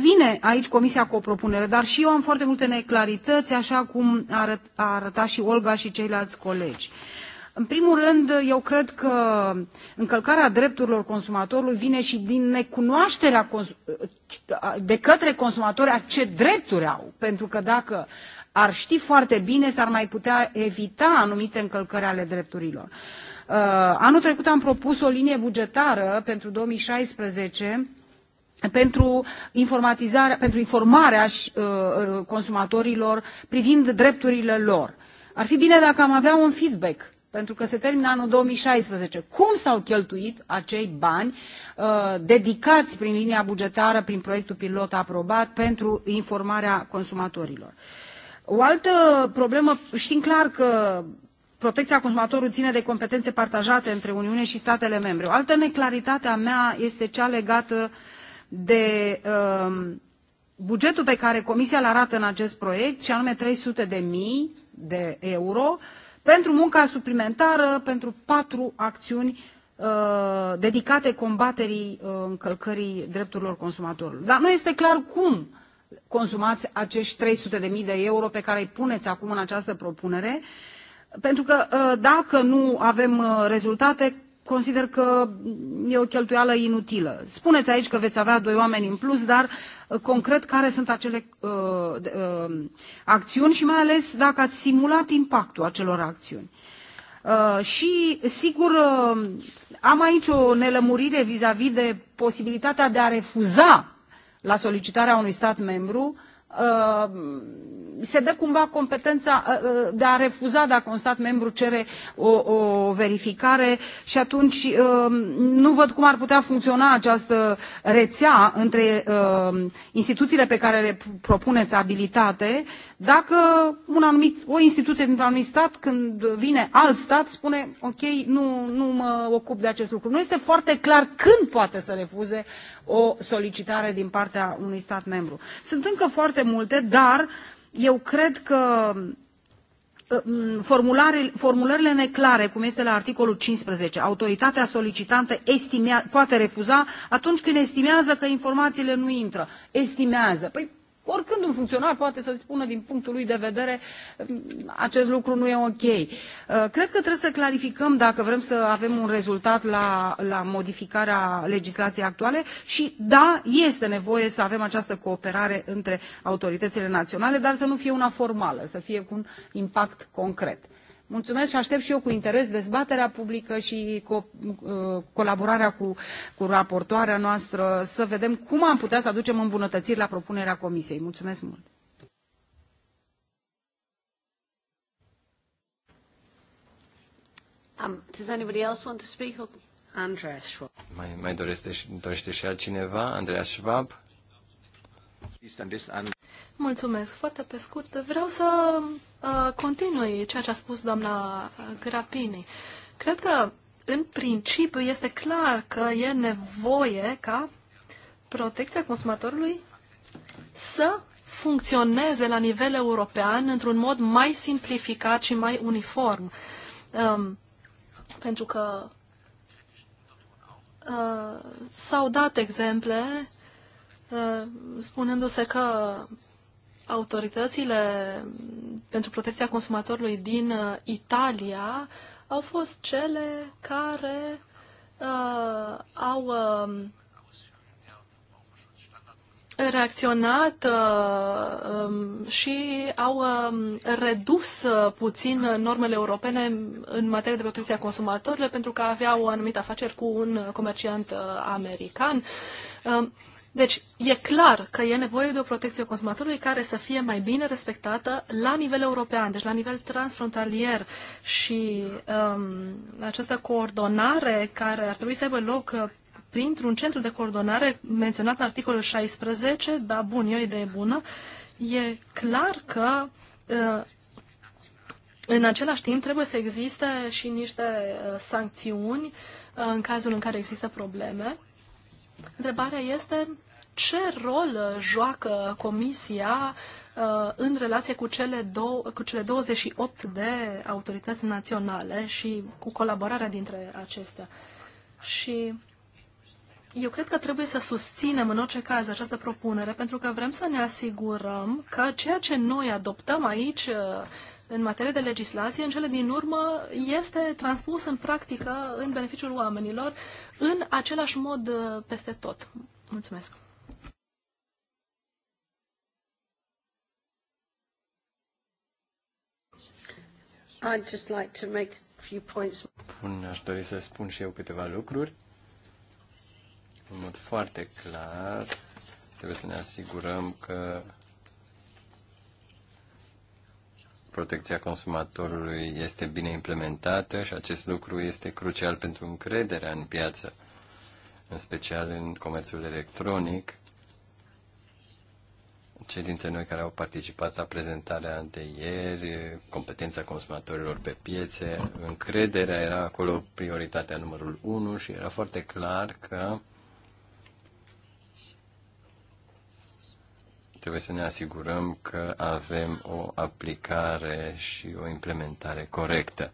vine aici Comisia cu o propunere, dar și eu am foarte multe neclarități, așa cum a arătat și Olga și ceilalți colegi. Uh, în primul rând, eu cred că încălcarea drepturilor consumatorului vine și din necunoașterea de către consumatori a ce drepturi au. Pentru că dacă ar ști foarte bine, s-ar mai putea evita anumite încălcări ale drepturilor. Uh, anul trecut am propus o linie bugetară pentru 2016 pentru, pentru informarea uh, uh, consumatorilor privind drepturile lor. Ar fi bine dacă am avea un feedback pentru că se termină anul 2016. Cum s-au cheltuit acei bani uh, dedicați prin linia bugetară, prin proiectul pilot aprobat pentru informarea consumatorilor? O altă problemă, știm clar că protecția consumatorului ține de competențe partajate între Uniune și statele membre. O altă neclaritate a mea este cea legată de uh, bugetul pe care Comisia îl arată în acest proiect, și anume 300 de mii de euro, uh, pentru munca suplimentară, pentru patru acțiuni uh, dedicate combaterii uh, încălcării drepturilor consumatorilor. Dar nu este clar cum consumați acești 300.000 de euro pe care îi puneți acum în această propunere, pentru că uh, dacă nu avem uh, rezultate, consider că e o cheltuială inutilă. Spuneți aici că veți avea doi oameni în plus, dar uh, concret care sunt acele uh, uh, acțiuni și mai ales dacă ați simulat impactul acelor acțiuni. Uh, și, sigur, uh, am aici o nelămurire vis-a-vis -vis de posibilitatea de a refuza la solicitarea unui stat membru Uh, se dă cumva competența uh, uh, de a refuza dacă un stat membru cere o, o verificare și atunci nu văd cum ar putea funcționa această rețea între instituțiile pe care le propuneți abilitate dacă un anumit, o instituție dintr-un anumit stat când vine alt stat spune ok, nu, nu mă ocup de acest lucru. Nu este foarte clar când poate să refuze o solicitare din partea unui stat membru. Sunt încă foarte multe, dar eu cred că uh, formulările neclare, cum este la articolul 15, autoritatea solicitantă estimea, poate refuza atunci când estimează că informațiile nu intră. Estimează. Păi Oricând un funcționar poate să spună din punctul lui de vedere acest lucru nu e ok. Uh, cred că trebuie să clarificăm dacă vrem să avem un rezultat la, la modificarea legislației actuale și da, este nevoie să avem această cooperare între autoritățile naționale, dar să nu fie una formală, să fie cu un impact concret. Mulțumesc și aștept și eu cu interes dezbaterea publică și co- uh, colaborarea cu, cu raportoarea noastră să vedem cum am putea să aducem îmbunătățiri la propunerea Comisiei. Mulțumesc mult! Um, does anybody else want to speak? Andreas Schwab. Mai, mai dorește, dorește și altcineva? Andreas Schwab? Mulțumesc. Foarte pe scurt, vreau să uh, continui ceea ce a spus doamna uh, Grapini. Cred că, în principiu, este clar că e nevoie ca protecția consumatorului să funcționeze la nivel european într-un mod mai simplificat și mai uniform. Um, pentru că uh, s-au dat exemple Uh, spunându-se că autoritățile pentru protecția consumatorului din uh, Italia au fost cele care uh, au um, reacționat uh, um, și au uh, redus uh, puțin normele europene în materie de protecție a consumatorilor pentru că aveau anumite afaceri cu un comerciant uh, american. Uh, deci, e clar că e nevoie de o protecție a consumatorului care să fie mai bine respectată la nivel european, deci la nivel transfrontalier și um, această coordonare care ar trebui să aibă loc uh, printr-un centru de coordonare menționat în articolul 16, da, bun, e o idee bună, e clar că uh, în același timp trebuie să existe și niște uh, sancțiuni uh, în cazul în care există probleme. Întrebarea este ce rol uh, joacă Comisia uh, în relație cu cele, două, cu cele 28 de autorități naționale și cu colaborarea dintre acestea. Și eu cred că trebuie să susținem în orice caz această propunere pentru că vrem să ne asigurăm că ceea ce noi adoptăm aici uh, în materie de legislație, în cele din urmă, este transpus în practică, în beneficiul oamenilor, în același mod peste tot. Mulțumesc! I'd just like to make a few points. Bun, aș dori să spun și eu câteva lucruri. În mod foarte clar, trebuie să ne asigurăm că protecția consumatorului este bine implementată și acest lucru este crucial pentru încrederea în piață, în special în comerțul electronic, cei dintre noi care au participat la prezentarea de ieri, competența consumatorilor pe piețe, încrederea era acolo prioritatea numărul 1 și era foarte clar că trebuie să ne asigurăm că avem o aplicare și o implementare corectă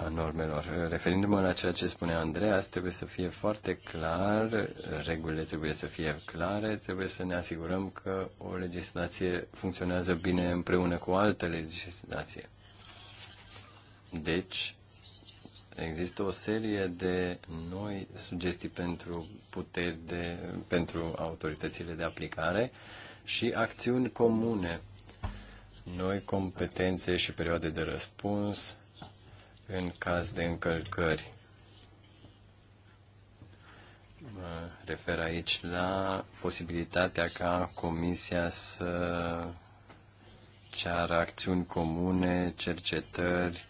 a normelor. Referindu-mă la ceea ce spune Andreas, trebuie să fie foarte clar, regulile trebuie să fie clare, trebuie să ne asigurăm că o legislație funcționează bine împreună cu altă legislație. Deci, există o serie de noi sugestii pentru puteri de, pentru autoritățile de aplicare și acțiuni comune, noi competențe și perioade de răspuns, în caz de încălcări. Mă refer aici la posibilitatea ca Comisia să ceară acțiuni comune, cercetări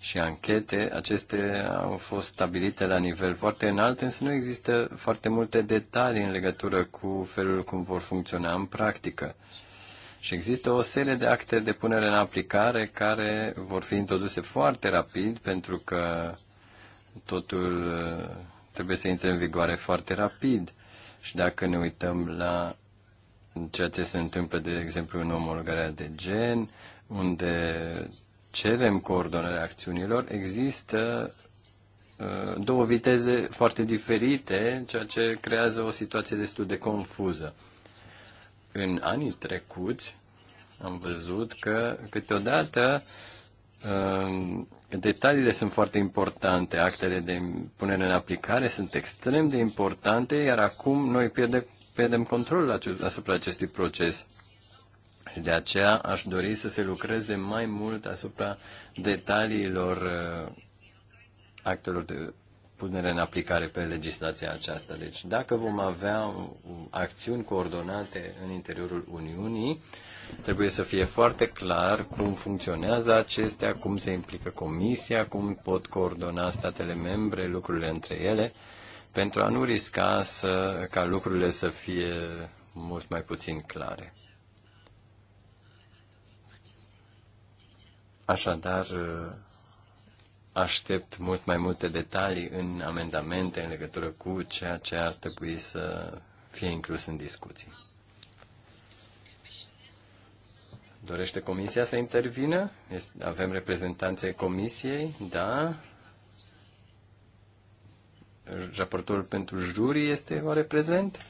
și anchete. Aceste au fost stabilite la nivel foarte înalt, însă nu există foarte multe detalii în legătură cu felul cum vor funcționa în practică. Și există o serie de acte de punere în aplicare care vor fi introduse foarte rapid pentru că totul uh, trebuie să intre în vigoare foarte rapid. Și dacă ne uităm la ceea ce se întâmplă, de exemplu, în omologarea de gen, unde cerem coordonarea acțiunilor, există uh, două viteze foarte diferite, ceea ce creează o situație destul de confuză în anii trecuți am văzut că câteodată um, detaliile sunt foarte importante, actele de punere în aplicare sunt extrem de importante, iar acum noi pierdem, pierdem controlul asupra acestui proces. Și de aceea aș dori să se lucreze mai mult asupra detaliilor uh, actelor de punere în aplicare pe legislația aceasta. Deci dacă vom avea acțiuni coordonate în interiorul Uniunii, trebuie să fie foarte clar cum funcționează acestea, cum se implică Comisia, cum pot coordona statele membre lucrurile între ele, pentru a nu risca să, ca lucrurile să fie mult mai puțin clare. Așadar, aștept mult mai multe detalii în amendamente în legătură cu ceea ce ar trebui să fie inclus în discuții. Dorește comisia să intervină? Avem reprezentanțe comisiei? Da. Raportul pentru juri este oare prezent?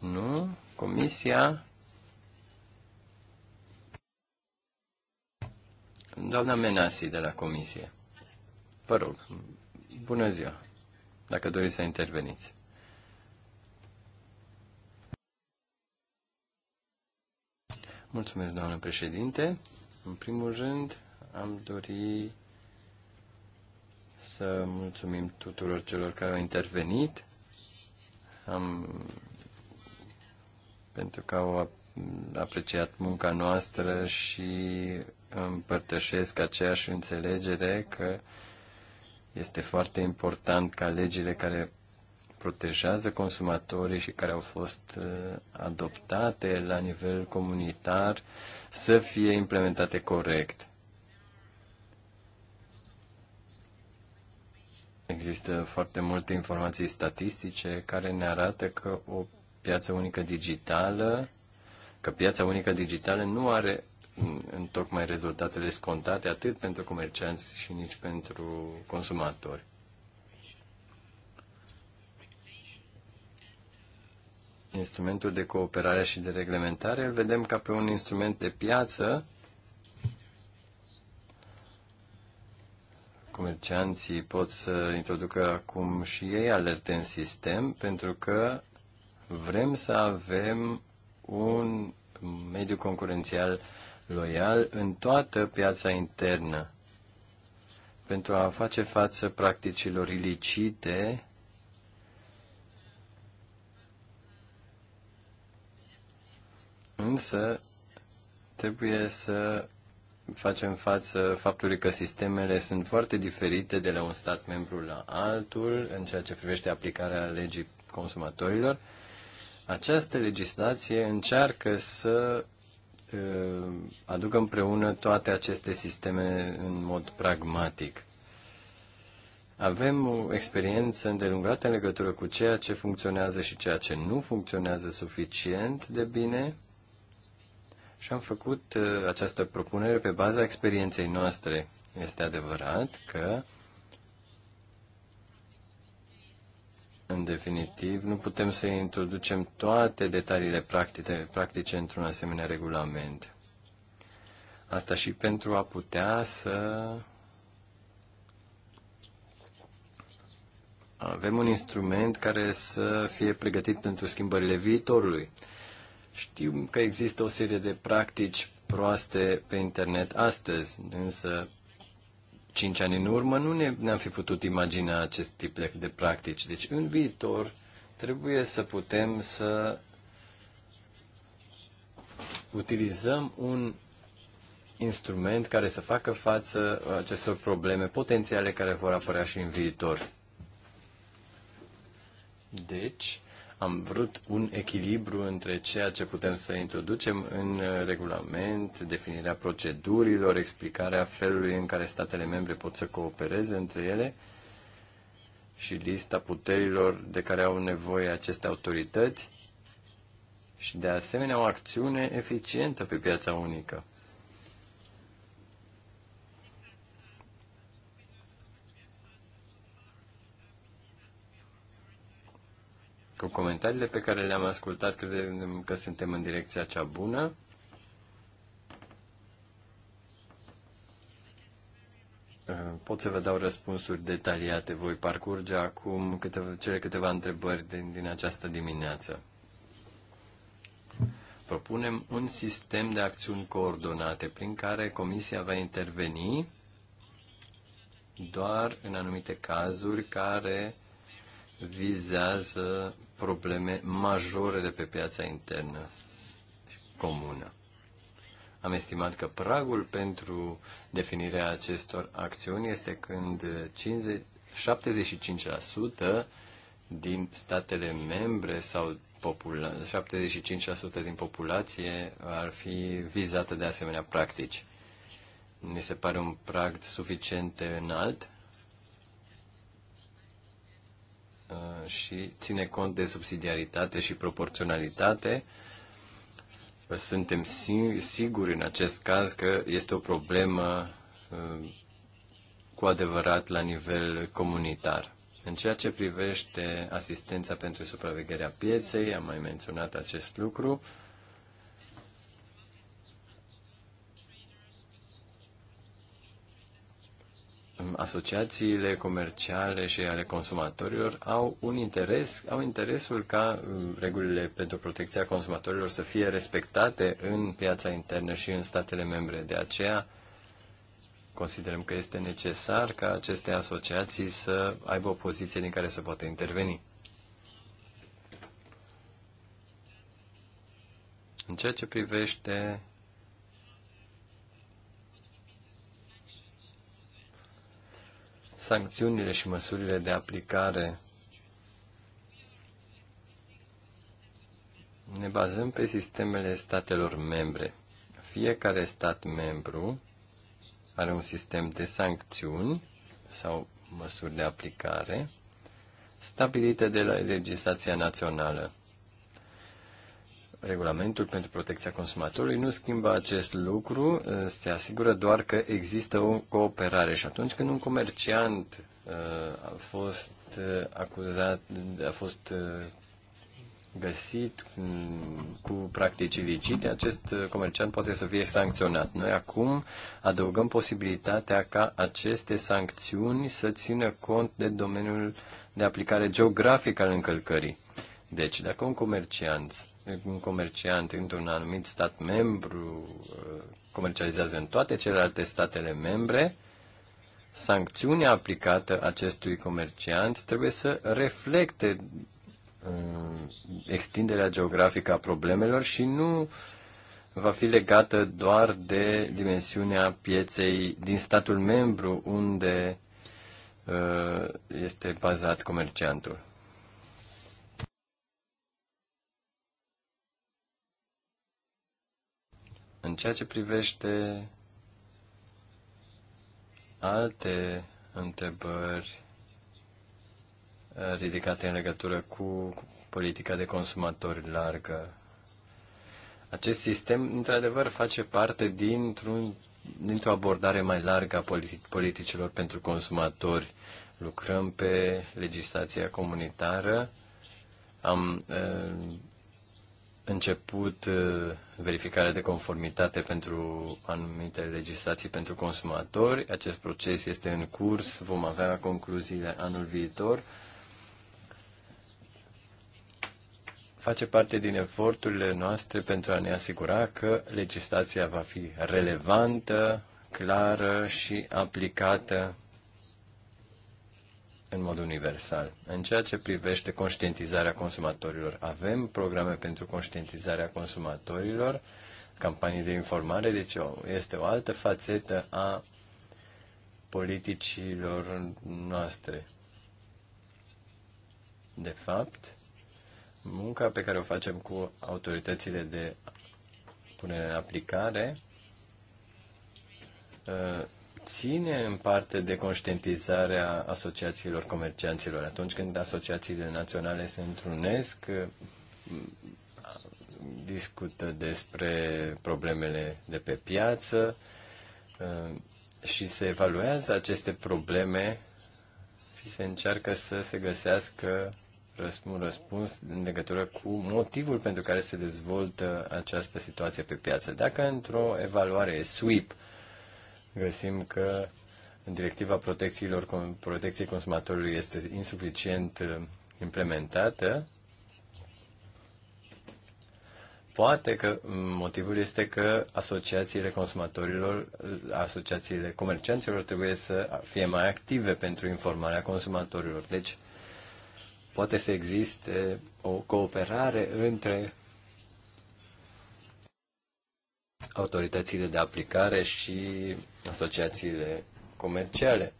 Nu. Comisia? Doamna Menasi de la comisie. Vă rog, bună ziua, dacă doriți să interveniți. Mulțumesc, doamnă președinte. În primul rând, am dori să mulțumim tuturor celor care au intervenit. Am, pentru că au apreciat munca noastră și împărtășesc aceeași înțelegere că este foarte important ca legile care protejează consumatorii și care au fost uh, adoptate la nivel comunitar să fie implementate corect. Există foarte multe informații statistice care ne arată că o piață unică digitală, că piața unică digitală nu are în tocmai rezultatele scontate atât pentru comercianți și nici pentru consumatori. Instrumentul de cooperare și de reglementare îl vedem ca pe un instrument de piață. Comercianții pot să introducă acum și ei alerte în sistem pentru că vrem să avem un mediu concurențial uh, loial în toată piața internă pentru a face față practicilor ilicite Însă, trebuie să facem față faptului că sistemele sunt foarte diferite de la un stat membru la altul în ceea ce privește aplicarea legii consumatorilor. Această legislație încearcă să aducă împreună toate aceste sisteme în mod pragmatic. Avem o experiență îndelungată în legătură cu ceea ce funcționează și ceea ce nu funcționează suficient de bine și am făcut uh, această propunere pe baza experienței noastre. Este adevărat că În definitiv, nu putem să introducem toate detaliile practice, practice într-un asemenea regulament. Asta și pentru a putea să avem un instrument care să fie pregătit pentru schimbările viitorului. Știu că există o serie de practici proaste pe internet astăzi, însă cinci ani în urmă nu ne, ne-am fi putut imagina acest tip de, de practici. Deci în viitor trebuie să putem să utilizăm un instrument care să facă față acestor probleme potențiale care vor apărea și în viitor. Deci, am vrut un echilibru între ceea ce putem să introducem în uh, regulament, definirea procedurilor, explicarea felului în care statele membre pot să coopereze între ele și lista puterilor de care au nevoie aceste autorități și de asemenea o acțiune eficientă pe piața unică. Cu comentariile pe care le-am ascultat, credem că suntem în direcția cea bună. Pot să vă dau răspunsuri detaliate. Voi parcurge acum câteva, cele câteva întrebări din, din această dimineață. Propunem un sistem de acțiuni coordonate prin care Comisia va interveni doar în anumite cazuri care vizează probleme majore de pe piața internă comună. Am estimat că pragul pentru definirea acestor acțiuni este când 50, 75% din statele membre sau popula- 75% din populație ar fi vizată de asemenea practici. Mi se pare un prag suficient de înalt Uh, și ține cont de subsidiaritate și proporționalitate. Suntem siguri în acest caz că este o problemă uh, cu adevărat la nivel comunitar. În ceea ce privește asistența pentru supravegherea pieței, am mai menționat acest lucru, asociațiile comerciale și ale consumatorilor au un interes, au interesul ca mm, regulile pentru protecția consumatorilor să fie respectate în piața internă și în statele membre. De aceea considerăm că este necesar ca aceste asociații să aibă o poziție din care să poată interveni. În ceea ce privește sancțiunile și măsurile de aplicare. Ne bazăm pe sistemele statelor membre. Fiecare stat membru are un sistem de sancțiuni sau măsuri de aplicare stabilite de la legislația națională regulamentul pentru protecția consumatorului nu schimbă acest lucru, uh, se asigură doar că există o cooperare. Și atunci când un comerciant uh, a fost uh, acuzat, a fost găsit cu practici ilicite, acest comerciant poate să fie sancționat. Noi acum adăugăm posibilitatea ca aceste sancțiuni să țină cont de domeniul de aplicare geografic al încălcării. Deci, dacă un comerciant un comerciant într-un anumit stat membru uh, comercializează în toate celelalte statele membre, sancțiunea aplicată acestui comerciant trebuie să reflecte uh, extinderea geografică a problemelor și nu va fi legată doar de dimensiunea pieței din statul membru unde uh, este bazat comerciantul. În ceea ce privește alte întrebări uh, ridicate în legătură cu politica de consumatori largă. Acest sistem, într-adevăr, face parte dintr-un, dintr-o abordare mai largă a politicilor pentru consumatori. Lucrăm pe legislația comunitară, am uh, început uh, verificarea de conformitate pentru anumite legislații pentru consumatori. Acest proces este în curs, vom avea concluziile anul viitor. Face parte din eforturile noastre pentru a ne asigura că legislația va fi relevantă, clară și aplicată în mod universal. În ceea ce privește conștientizarea consumatorilor, avem programe pentru conștientizarea consumatorilor, campanii de informare, deci este o altă fațetă a politicilor noastre. De fapt, munca pe care o facem cu autoritățile de punere în aplicare uh, ține în parte de conștientizarea asociațiilor comercianților. Atunci când asociațiile naționale se întrunesc, discută despre problemele de pe piață și se evaluează aceste probleme și se încearcă să se găsească un răspuns în legătură cu motivul pentru care se dezvoltă această situație pe piață. Dacă într-o evaluare SWIP, găsim că directiva protecțiilor, protecției consumatorului este insuficient uh, implementată, poate că motivul este că asociațiile consumatorilor, uh, asociațiile comercianților trebuie să fie mai active pentru informarea consumatorilor. Deci, poate să existe o cooperare între autoritățile de aplicare și asociațiile comerciale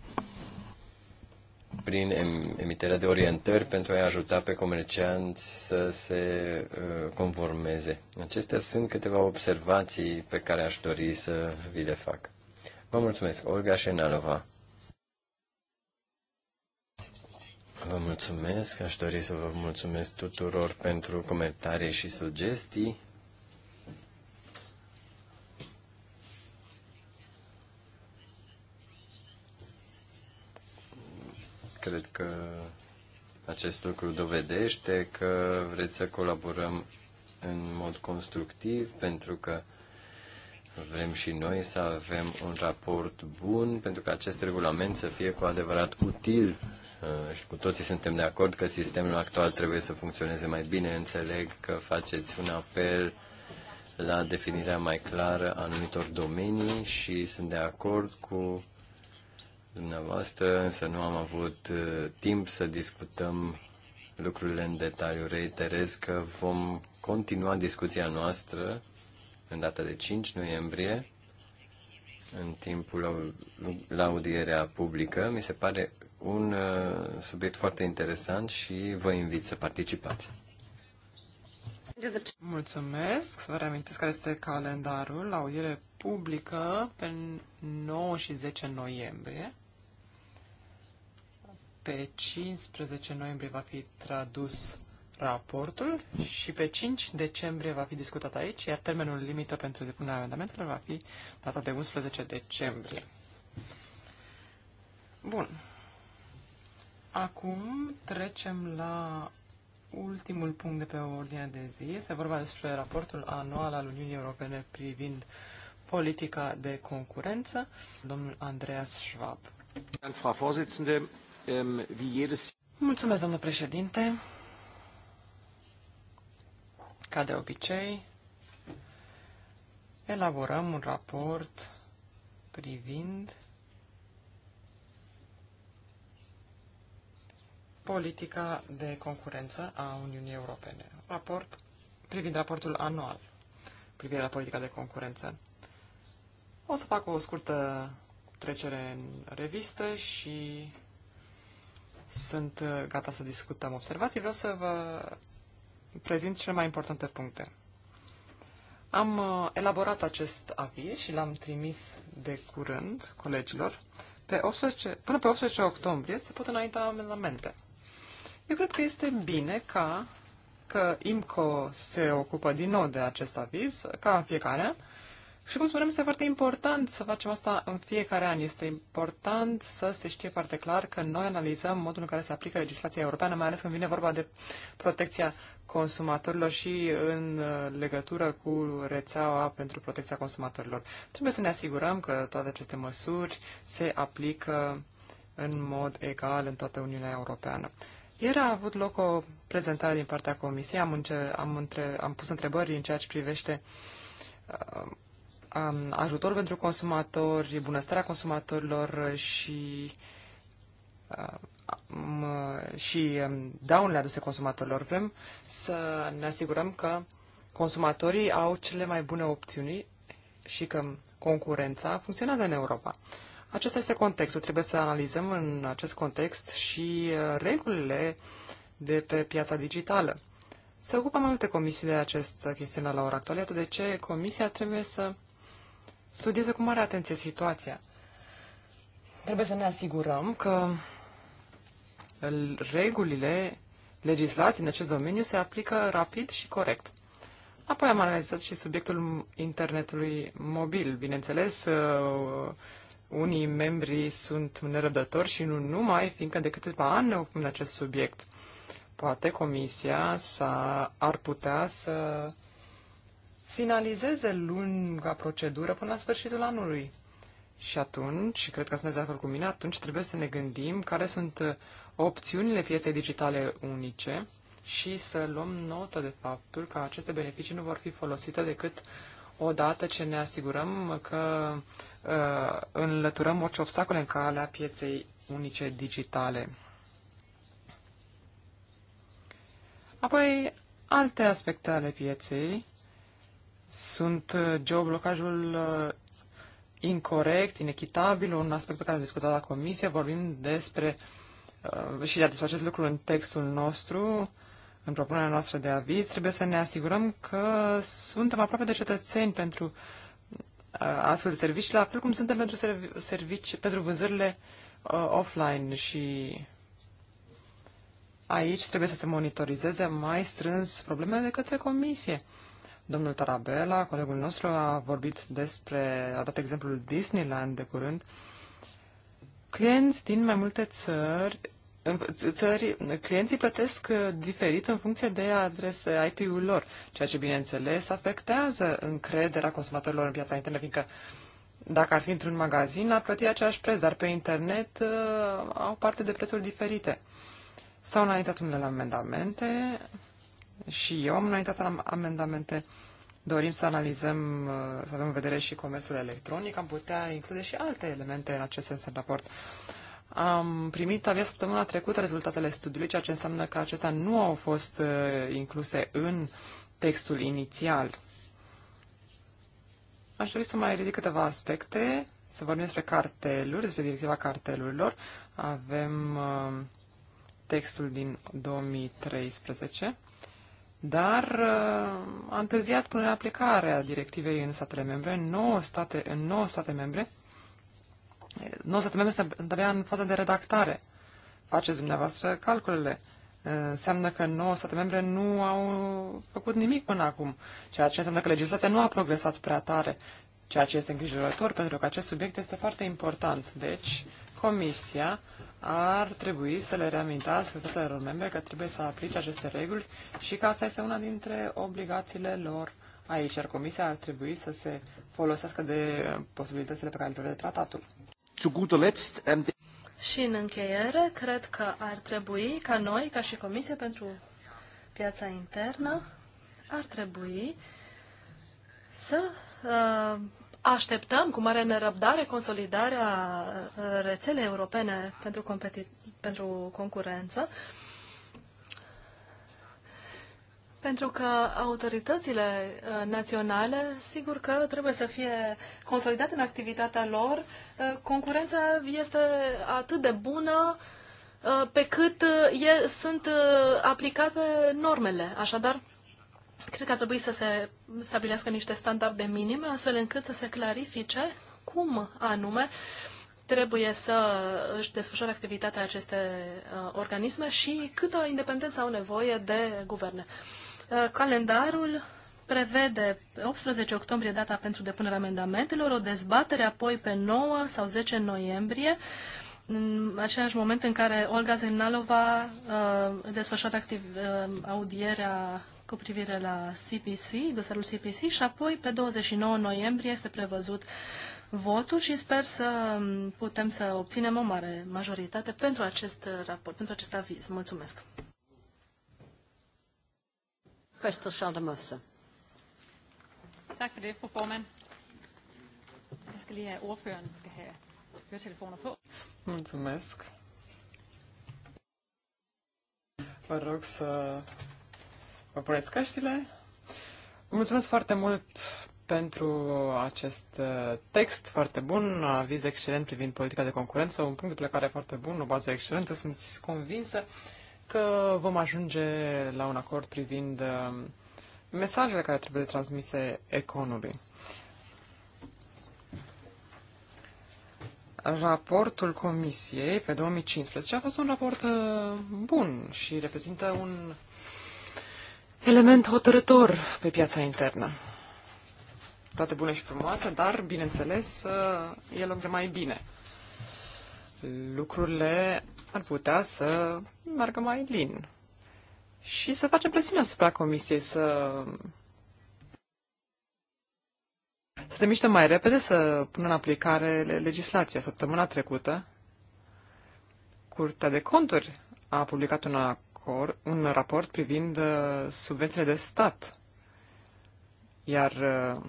prin emiterea de orientări pentru a-i ajuta pe comercianți să se uh, conformeze. Acestea sunt câteva observații pe care aș dori să vi le fac. Vă mulțumesc, Olga Șenalova. Vă mulțumesc, aș dori să vă mulțumesc tuturor pentru comentarii și sugestii. Cred că acest lucru dovedește că vreți să colaborăm în mod constructiv pentru că vrem și noi să avem un raport bun pentru că acest regulament să fie cu adevărat util uh, și cu toții suntem de acord că sistemul actual trebuie să funcționeze mai bine. Înțeleg că faceți un apel la definirea mai clară a anumitor domenii și sunt de acord cu dumneavoastră, însă nu am avut uh, timp să discutăm lucrurile în detaliu. Reiterez că vom continua discuția noastră în data de 5 noiembrie, în timpul la audierea publică. Mi se pare un uh, subiect foarte interesant și vă invit să participați. Mulțumesc. Să vă reamintesc care este calendarul. Audiere publică pe 9 și 10 noiembrie. Pe 15 noiembrie va fi tradus raportul și pe 5 decembrie va fi discutat aici, iar termenul limită pentru depunerea amendamentelor va fi data de 11 decembrie. Bun. Acum trecem la ultimul punct de pe ordinea de zi. Este vorba despre raportul anual al Uniunii Europene privind politica de concurență. Domnul Andreas Schwab. Frau Vorsitzende, Ehm, Mulțumesc, domnule președinte. Ca de obicei, elaborăm un raport privind politica de concurență a Uniunii Europene. Raport privind raportul anual privind la politica de concurență. O să fac o scurtă trecere în revistă și sunt uh, gata să discutăm observații. Vreau să vă prezint cele mai importante puncte. Am uh, elaborat acest aviz și l-am trimis de curând colegilor. Pe 18, până pe 18 octombrie se pot înainta amendamente. Eu cred că este bine ca că IMCO se ocupă din nou de acest aviz, ca în fiecare an, și cum spuneam, este foarte important să facem asta în fiecare an. Este important să se știe foarte clar că noi analizăm modul în care se aplică legislația europeană, mai ales când vine vorba de protecția consumatorilor și în uh, legătură cu rețeaua pentru protecția consumatorilor. Trebuie să ne asigurăm că toate aceste măsuri se aplică în mod egal în toată Uniunea Europeană. Ieri a avut loc o prezentare din partea Comisiei, am, înce- am, între- am pus întrebări în ceea ce privește uh, Um, ajutor pentru consumatori, bunăstarea consumatorilor și um, și um, daunele aduse consumatorilor. Vrem să ne asigurăm că consumatorii au cele mai bune opțiuni și că concurența funcționează în Europa. Acesta este contextul. Trebuie să analizăm în acest context și uh, regulile de pe piața digitală. Se ocupă mai multe comisii de acest chestiune la ora actuală, de ce comisia trebuie să studieze cu mare atenție situația. Trebuie să ne asigurăm că regulile, legislației în acest domeniu se aplică rapid și corect. Apoi am analizat și subiectul internetului mobil. Bineînțeles, uh, unii membri sunt nerăbdători și nu numai, fiindcă de câteva ani ne ocupăm de acest subiect. Poate comisia s ar putea să finalizeze lunga procedură până la sfârșitul anului. Și atunci, și cred că sunteți de acord cu mine, atunci trebuie să ne gândim care sunt opțiunile pieței digitale unice și să luăm notă de faptul că aceste beneficii nu vor fi folosite decât odată ce ne asigurăm că uh, înlăturăm orice obstacole în calea pieței unice digitale. Apoi, alte aspecte ale pieței sunt uh, geoblocajul uh, incorrect, inechitabil, un aspect pe care am discutat la comisie. Vorbim despre uh, și despre acest lucru în textul nostru, în propunerea noastră de aviz. Trebuie să ne asigurăm că suntem aproape de cetățeni pentru astfel de servicii, la fel cum suntem pentru, servici, pentru vânzările uh, offline și aici trebuie să se monitorizeze mai strâns problemele de către comisie. Domnul Tarabella, colegul nostru, a vorbit despre, a dat exemplul Disneyland de curând. Clienți din mai multe țări, țări, clienții plătesc uh, diferit în funcție de adrese IP-ul lor, ceea ce, bineînțeles, afectează încrederea consumatorilor în piața internă, fiindcă dacă ar fi într-un magazin, ar plăti același preț, dar pe internet uh, au parte de prețuri diferite. S-au înaintat unele amendamente, și eu am înaintat amendamente. Dorim să analizăm, uh, să avem în vedere și comerțul electronic. Am putea include și alte elemente în acest sens în raport. Am primit abia săptămâna trecută rezultatele studiului, ceea ce înseamnă că acestea nu au fost uh, incluse în textul inițial. Aș dori să mai ridic câteva aspecte, să vorbim despre carteluri, despre directiva cartelurilor. Avem uh, textul din 2013 dar uh, a întârziat până în aplicarea directivei în statele membre, 9 state, în 9 state membre, 9 state membre sunt abia în faza de redactare. Faceți dumneavoastră calculele. Înseamnă că 9 state membre nu au făcut nimic până acum, ceea ce înseamnă că legislația nu a progresat prea tare, ceea ce este îngrijorător, pentru că acest subiect este foarte important. Deci, uh, Comisia ar trebui să le reamintească statelor membre că trebuie să aplice aceste reguli și că asta este una dintre obligațiile lor aici, iar Comisia ar trebui să se folosească de posibilitățile pe care le prevede tratatul. Ähm, și în încheiere, cred că ar trebui ca noi, ca și Comisia pentru Piața Internă, ar trebui să uh, Așteptăm cu mare nerăbdare consolidarea uh, uh, rețelei europene pentru, pentru concurență, pentru că autoritățile uh, naționale, sigur că trebuie să fie consolidate în activitatea lor. Concurența este atât de bună pe cât e, sunt aplicate normele. Așadar, Cred că ar trebui să se stabilească niște standarde minime, astfel încât să se clarifice cum anume trebuie să își desfășoare activitatea aceste uh, organisme și câtă independență au nevoie de guverne. Uh, calendarul prevede 18 octombrie data pentru depunerea amendamentelor, o dezbatere apoi pe 9 sau 10 noiembrie, în același moment în care Olga Zinalova uh, desfășoară activ, uh, audierea cu privire la CPC, dosarul CPC și apoi pe 29 noiembrie este prevăzut votul și sper să putem să obținem o mare majoritate pentru acest raport, pentru acest aviz. Mulțumesc! Mulțumesc. Vă rog să Vă puneți căștile? Mulțumesc foarte mult pentru acest uh, text foarte bun, aviz excelent privind politica de concurență, un punct de plecare foarte bun, o bază excelentă. Sunt convinsă că vom ajunge la un acord privind um, mesajele care trebuie transmise economii. Raportul Comisiei pe 2015 a fost un raport uh, bun și reprezintă un element hotărător pe piața internă. Toate bune și frumoase, dar, bineînțeles, uh, e loc de mai bine. Lucrurile ar putea să meargă mai lin. Și să facem presiune asupra comisiei să să se miște mai repede să pună în aplicare legislația. Săptămâna trecută, Curtea de Conturi a publicat un raport, un raport privind uh, subvențiile de stat. Iar uh,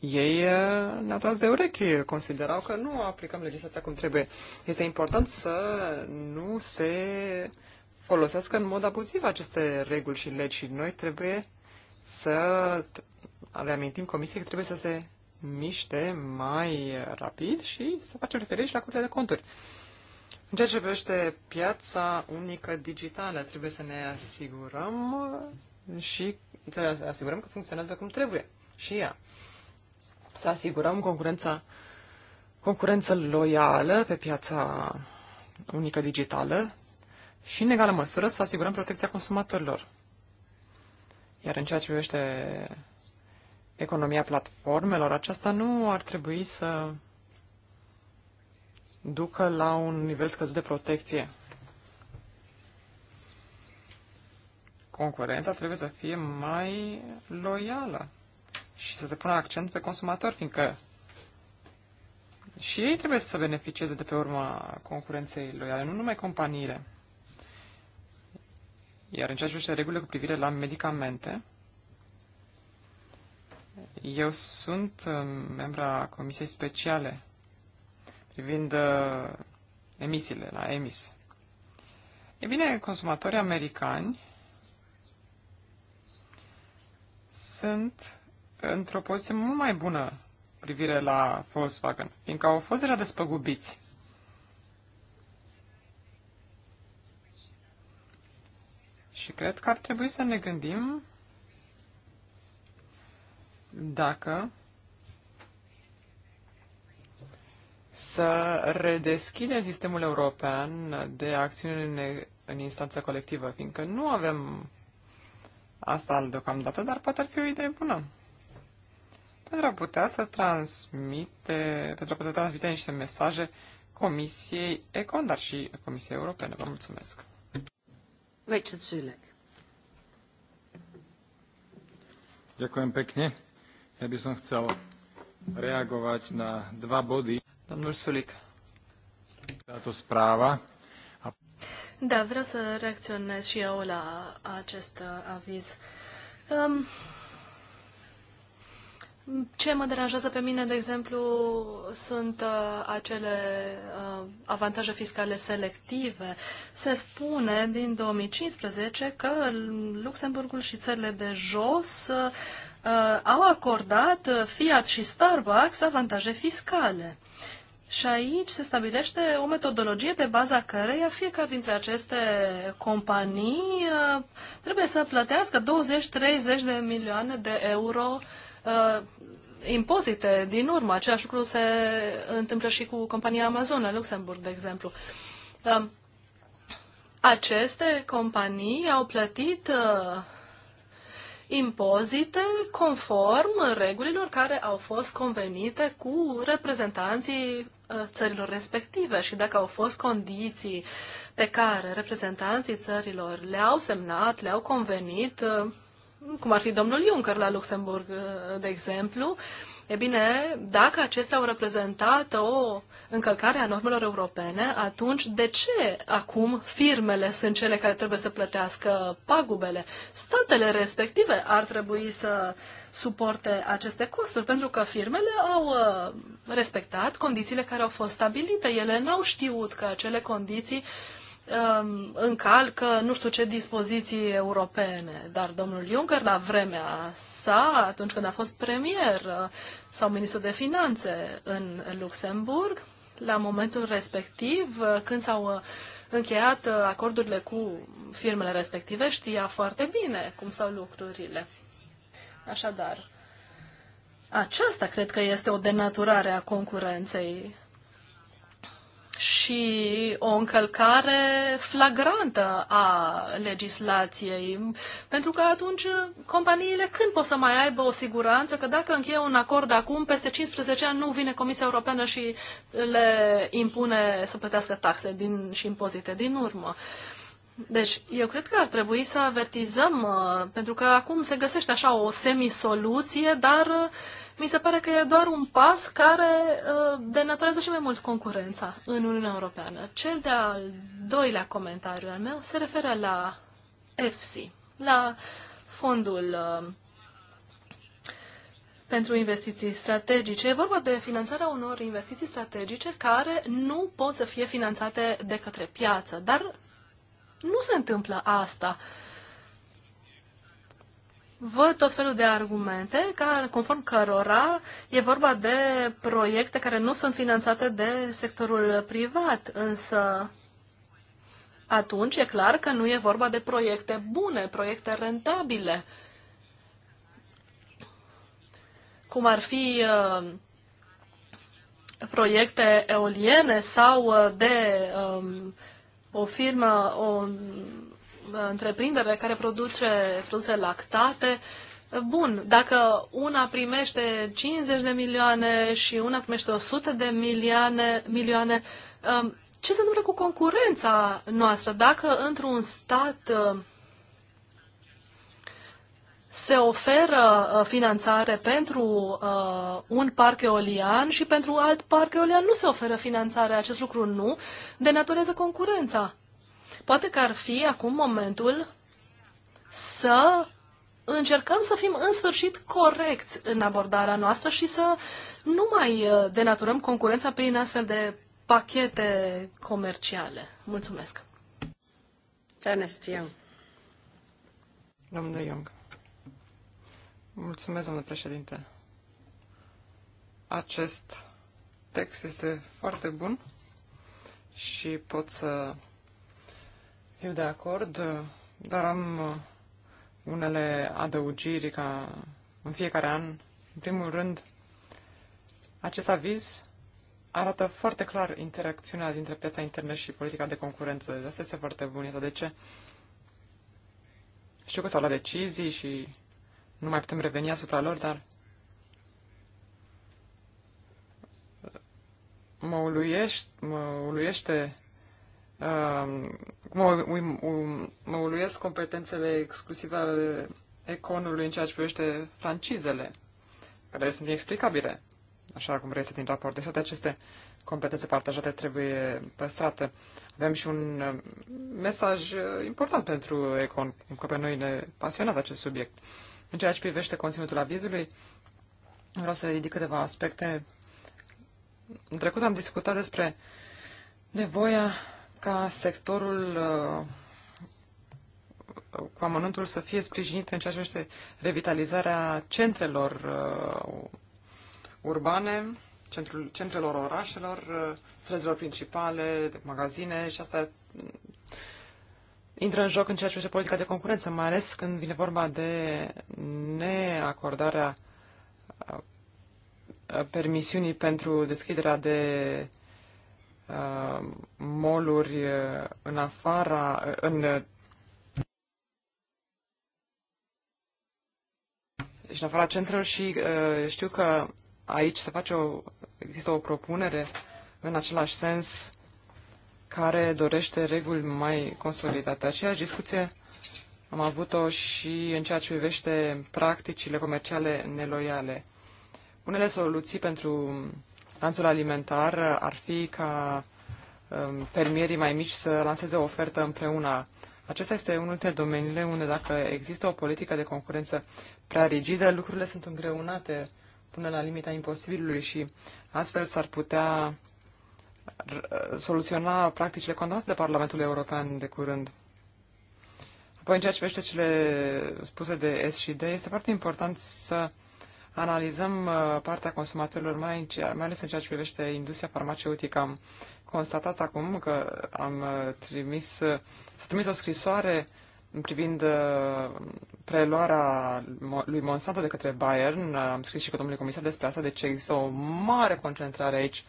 ei uh, ne-au tras de urechi, considerau că nu aplicăm legislația cum trebuie. Este important să nu se folosească în mod abuziv aceste reguli și legi și noi trebuie să reamintim comisiei că trebuie să se miște mai rapid și să facem referire și la curtea de conturi. În ceea ce privește piața unică digitală, trebuie să ne asigurăm uh, și să ne asigurăm că funcționează cum trebuie și ea. Să asigurăm concurența, concurență loială pe piața unică digitală și, în egală măsură, să asigurăm protecția consumatorilor. Iar în ceea ce privește economia platformelor, aceasta nu ar trebui să ducă la un nivel scăzut de protecție. Concurența trebuie să fie mai loială și să se pună accent pe consumator, fiindcă și ei trebuie să beneficieze de pe urma concurenței loiale, nu numai companiile. Iar în ceea ce privește regulile cu privire la medicamente, eu sunt uh, membra Comisiei Speciale privind uh, emisiile la emis. E bine, consumatorii americani sunt într-o poziție mult mai bună privire la Volkswagen, fiindcă au fost deja despăgubiți. Și cred că ar trebui să ne gândim dacă să redeschidem sistemul european de acțiune în, în instanță colectivă, fiindcă nu avem asta deocamdată, dar poate ar fi o idee bună. Pentru a putea să transmite, pentru a putea transmite niște mesaje Comisiei Econ, dar și Comisiei Europene. Vă mulțumesc. Richard Sulek. Ďakujem pekne. Ja by som chcel reagovať na dva body. Domnul Sulic. Sprava. Da, vreau să reacționez și eu la acest uh, aviz. Um, ce mă deranjează pe mine, de exemplu, sunt uh, acele uh, avantaje fiscale selective. Se spune din 2015 că Luxemburgul și țările de jos uh, au acordat Fiat și Starbucks avantaje fiscale. Și aici se stabilește o metodologie pe baza căreia fiecare dintre aceste companii uh, trebuie să plătească 20-30 de milioane de euro uh, impozite din urmă. Același lucru se întâmplă și cu compania Amazon la Luxemburg, de exemplu. Uh, aceste companii au plătit impozite conform regulilor care au fost convenite cu reprezentanții uh, țărilor respective și dacă au fost condiții pe care reprezentanții țărilor le-au semnat, le-au convenit, uh, cum ar fi domnul Juncker la Luxemburg, uh, de exemplu, E bine, dacă acestea au reprezentat o încălcare a normelor europene, atunci de ce acum firmele sunt cele care trebuie să plătească pagubele? Statele respective ar trebui să suporte aceste costuri, pentru că firmele au uh, respectat condițiile care au fost stabilite. Ele n-au știut că acele condiții uh, Um, încalcă nu știu ce dispoziții europene. Dar domnul Juncker, la vremea sa, atunci când a fost premier uh, sau ministru de finanțe în Luxemburg, la momentul respectiv, uh, când s-au uh, încheiat acordurile cu firmele respective, știa foarte bine cum stau lucrurile. Așadar, aceasta cred că este o denaturare a concurenței și o încălcare flagrantă a legislației. Pentru că atunci companiile când pot să mai aibă o siguranță că dacă încheie un acord acum, peste 15 ani nu vine Comisia Europeană și le impune să plătească taxe din, și impozite din urmă. Deci, eu cred că ar trebui să avertizăm, uh, pentru că acum se găsește așa o semisoluție, dar uh, mi se pare că e doar un pas care uh, denaturează și mai mult concurența în Uniunea Europeană. Cel de-al doilea comentariu al meu se referă la EFSI, la fondul uh, pentru investiții strategice. E vorba de finanțarea unor investiții strategice care nu pot să fie finanțate de către piață, dar nu se întâmplă asta. Uh, văd tot felul de argumente care, conform cărora e vorba de proiecte care nu sunt finanțate de sectorul privat, însă atunci e clar că nu e vorba de proiecte bune, proiecte rentabile, cum ar fi uh, proiecte eoliene sau uh, de um, o firmă, o întreprindere care produce produse lactate, Bun, dacă una primește 50 de milioane și una primește 100 de milioane, milioane um, ce se întâmplă cu concurența noastră? Dacă într-un stat um, se oferă uh, finanțare pentru uh, un parc eolian și pentru alt parc eolian nu se oferă finanțare, acest lucru nu, denaturează concurența. Poate că ar fi acum momentul să încercăm să fim în sfârșit corecți în abordarea noastră și să nu mai uh, denaturăm concurența prin astfel de pachete comerciale. Mulțumesc! Ernest Young. Domnule Young. Mulțumesc, domnule președinte. Acest text este foarte bun și pot să fiu de acord, dar am uh, unele adăugiri ca în fiecare an. În primul rând, acest aviz arată foarte clar interacțiunea dintre piața internă și politica de concurență. De asta este foarte bun. Asta de ce? Știu că s-au luat decizii și nu mai putem reveni asupra lor, dar uh, mă, uluiește, mă uluiește mă, mă uluiesc competențele exclusive ale Econului în ceea ce privește francizele, care sunt inexplicabile, așa cum reiese din raport. Deci toate aceste competențe partajate trebuie păstrate. Avem și un um, mesaj uh, important pentru Econ, că pe noi ne pasionează acest subiect. În ceea ce privește conținutul avizului, vreau să ridic câteva aspecte. În trecut am discutat despre nevoia ca sectorul uh, cu amănuntul să fie sprijinit în ceea ce este revitalizarea centrelor uh, urbane, centrul, centrelor orașelor, uh, străzilor principale, magazine și asta mm, intră în joc în ceea ce privește politica de concurență, mai ales când vine vorba de neacordarea permisiunii pentru deschiderea de Uh, moluri uh, în afara, uh, în și deci în afara centrelor și uh, știu că aici se face o, există o propunere în același sens care dorește reguli mai consolidate. Aceeași discuție am avut-o și în ceea ce privește practicile comerciale neloiale. Unele soluții pentru lanțul alimentar uh, ar fi ca um, fermierii mai mici să lanseze o ofertă împreună. Acesta este unul dintre domeniile unde dacă există o politică de concurență prea rigidă, lucrurile sunt îngreunate până la limita imposibilului și astfel s-ar putea uh, soluționa practicile condamnate de Parlamentul European de curând. Apoi, în ceea ce privește cele spuse de S și D, este foarte important să analizăm uh, partea consumatorilor, mai, mai ales în ceea ce privește industria farmaceutică. Am constatat acum că am uh, trimis, uh, s-a trimis o scrisoare privind preluarea lui Monsanto de către Bayern. Am scris și cu domnul comisar despre asta, deci există o mare concentrare aici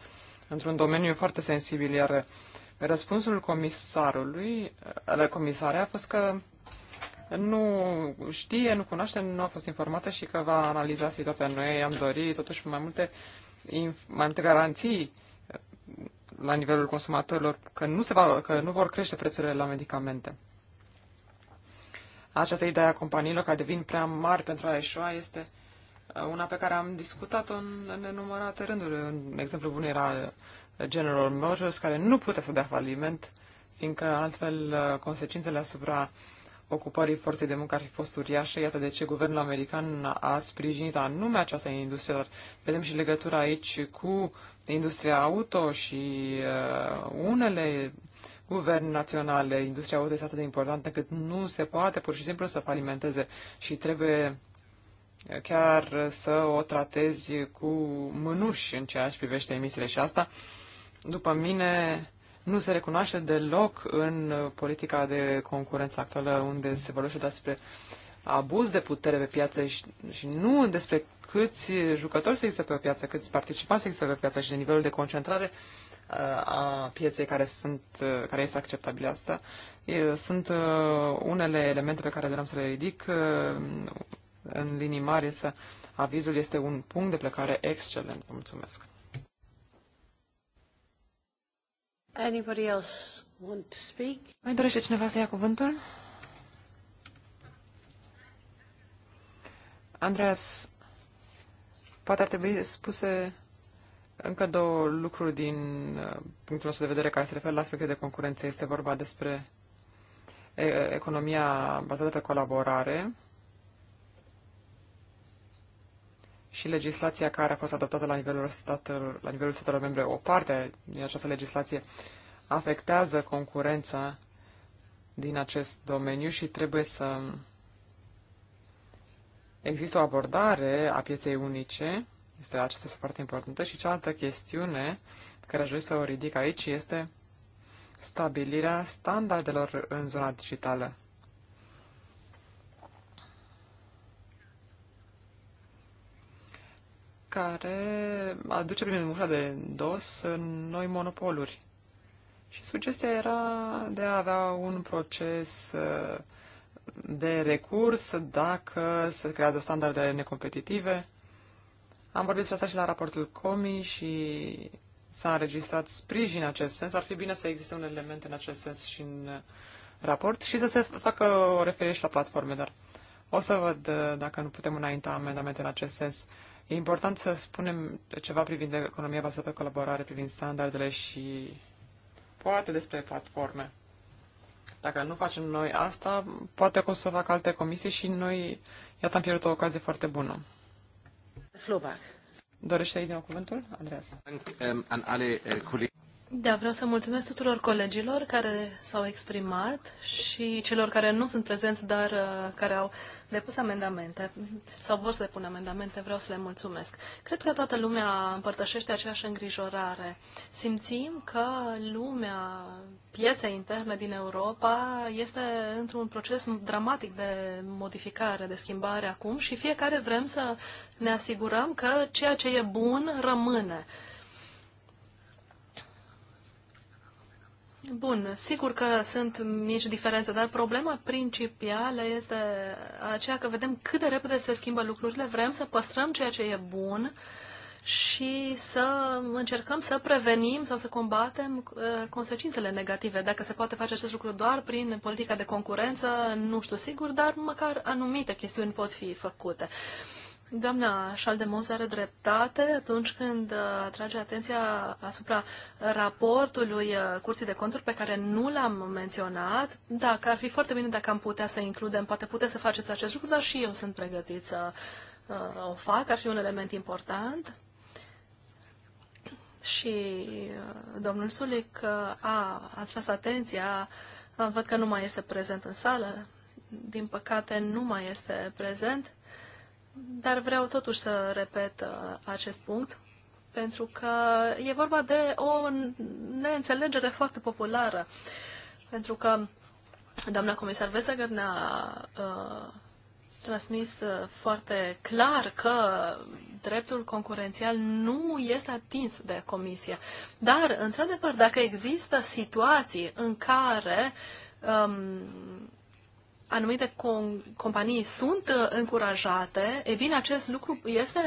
într-un domeniu foarte sensibil, iar răspunsul comisarului, comisare a fost că nu știe, nu cunoaște, nu a fost informată și că va analiza situația. Noi am dorit totuși mai multe, mai multe garanții uh, la nivelul consumatorilor că nu, se va, că nu vor crește prețurile la medicamente. Această idee a companiilor care devin prea mari pentru a ieșua este uh, una pe care am discutat-o în nenumărate rânduri. Un exemplu bun era uh, General Motors, care nu putea să dea faliment, fiindcă altfel consecințele asupra uh, ocupării forței de muncă ar fi fost uriașă. Iată de ce guvernul american a sprijinit anume această industrie, dar vedem și legătura aici cu industria auto și uh, unele guverne naționale. Industria auto este atât de importantă încât nu se poate pur și simplu să falimenteze și trebuie uh, chiar să o tratezi cu mânuși în ceea ce privește emisiile și asta. După mine, nu se recunoaște deloc în politica de concurență actuală, unde se vorbește despre abuz de putere pe piață și, și nu despre câți jucători se există pe o piață, câți participanți se există pe o piață și de nivelul de concentrare uh, a pieței care, sunt, uh, care este acceptabilă asta. Sunt uh, unele elemente pe care vreau să le ridic. În linii mari, însă, avizul este un punct de plecare excelent. Mulțumesc! Anybody else want to speak? Mai dorește cineva să ia cuvântul? Andreas, poate ar trebui spuse încă două lucruri din uh, punctul nostru de vedere care se referă la aspecte de concurență. Este vorba despre economia bazată pe colaborare, și legislația care a fost adoptată la nivelul statelor, la nivelul statelor membre, o parte din această legislație afectează concurența din acest domeniu și trebuie să există o abordare a pieței unice, este aceasta este foarte importantă, și cealaltă chestiune care aș vrea să o ridic aici este stabilirea standardelor în zona digitală. care aduce prin ușa de dos noi monopoluri. Și sugestia era de a avea un proces uh, de recurs dacă se creează standarde necompetitive. Am vorbit despre asta și la raportul COMI și s-a înregistrat sprijin în acest sens. Ar fi bine să existe un element în acest sens și în raport și să se facă o referire și la platforme, dar o să văd uh, dacă nu putem înainta amendamente în acest sens. E important să spunem ceva privind economia bazată pe colaborare, privind standardele și poate despre platforme. Dacă nu facem noi asta, poate că o să fac alte comisii și noi, iată, am pierdut o ocazie foarte bună. Flobac. Dorește să din cuvântul, Andreas? Da, vreau să mulțumesc tuturor colegilor care s-au exprimat și celor care nu sunt prezenți, dar uh, care au depus amendamente sau vor să depună amendamente, vreau să le mulțumesc. Cred că toată lumea împărtășește aceeași îngrijorare. Simțim că lumea pieței interne din Europa este într-un proces dramatic de modificare, de schimbare acum și fiecare vrem să ne asigurăm că ceea ce e bun rămâne. Bun, sigur că sunt mici diferențe, dar problema principală este aceea că vedem cât de repede se schimbă lucrurile, vrem să păstrăm ceea ce e bun și să încercăm să prevenim sau să combatem uh, consecințele negative. Dacă se poate face acest lucru doar prin politica de concurență, nu știu sigur, dar măcar anumite chestiuni pot fi făcute. Uh, Doamna Șaldemoz are dreptate atunci când uh, atrage atenția asupra raportului uh, Curții de Conturi pe care nu l-am menționat. că ar fi foarte bine dacă am putea să includem, poate puteți să faceți acest lucru, dar și eu sunt pregătit să uh, o fac, ar fi un element important. Și domnul Sulic a atras atenția, văd că nu mai este prezent în sală, din păcate nu mai este prezent dar vreau totuși să repet uh, acest punct, pentru că e vorba de o neînțelegere foarte populară. Pentru că doamna comisar Vesegăr ne-a uh, transmis uh, foarte clar că dreptul concurențial nu este atins de comisie. Dar, într-adevăr, dacă există situații în care um, anumite com- companii sunt uh, încurajate, e bine, acest lucru este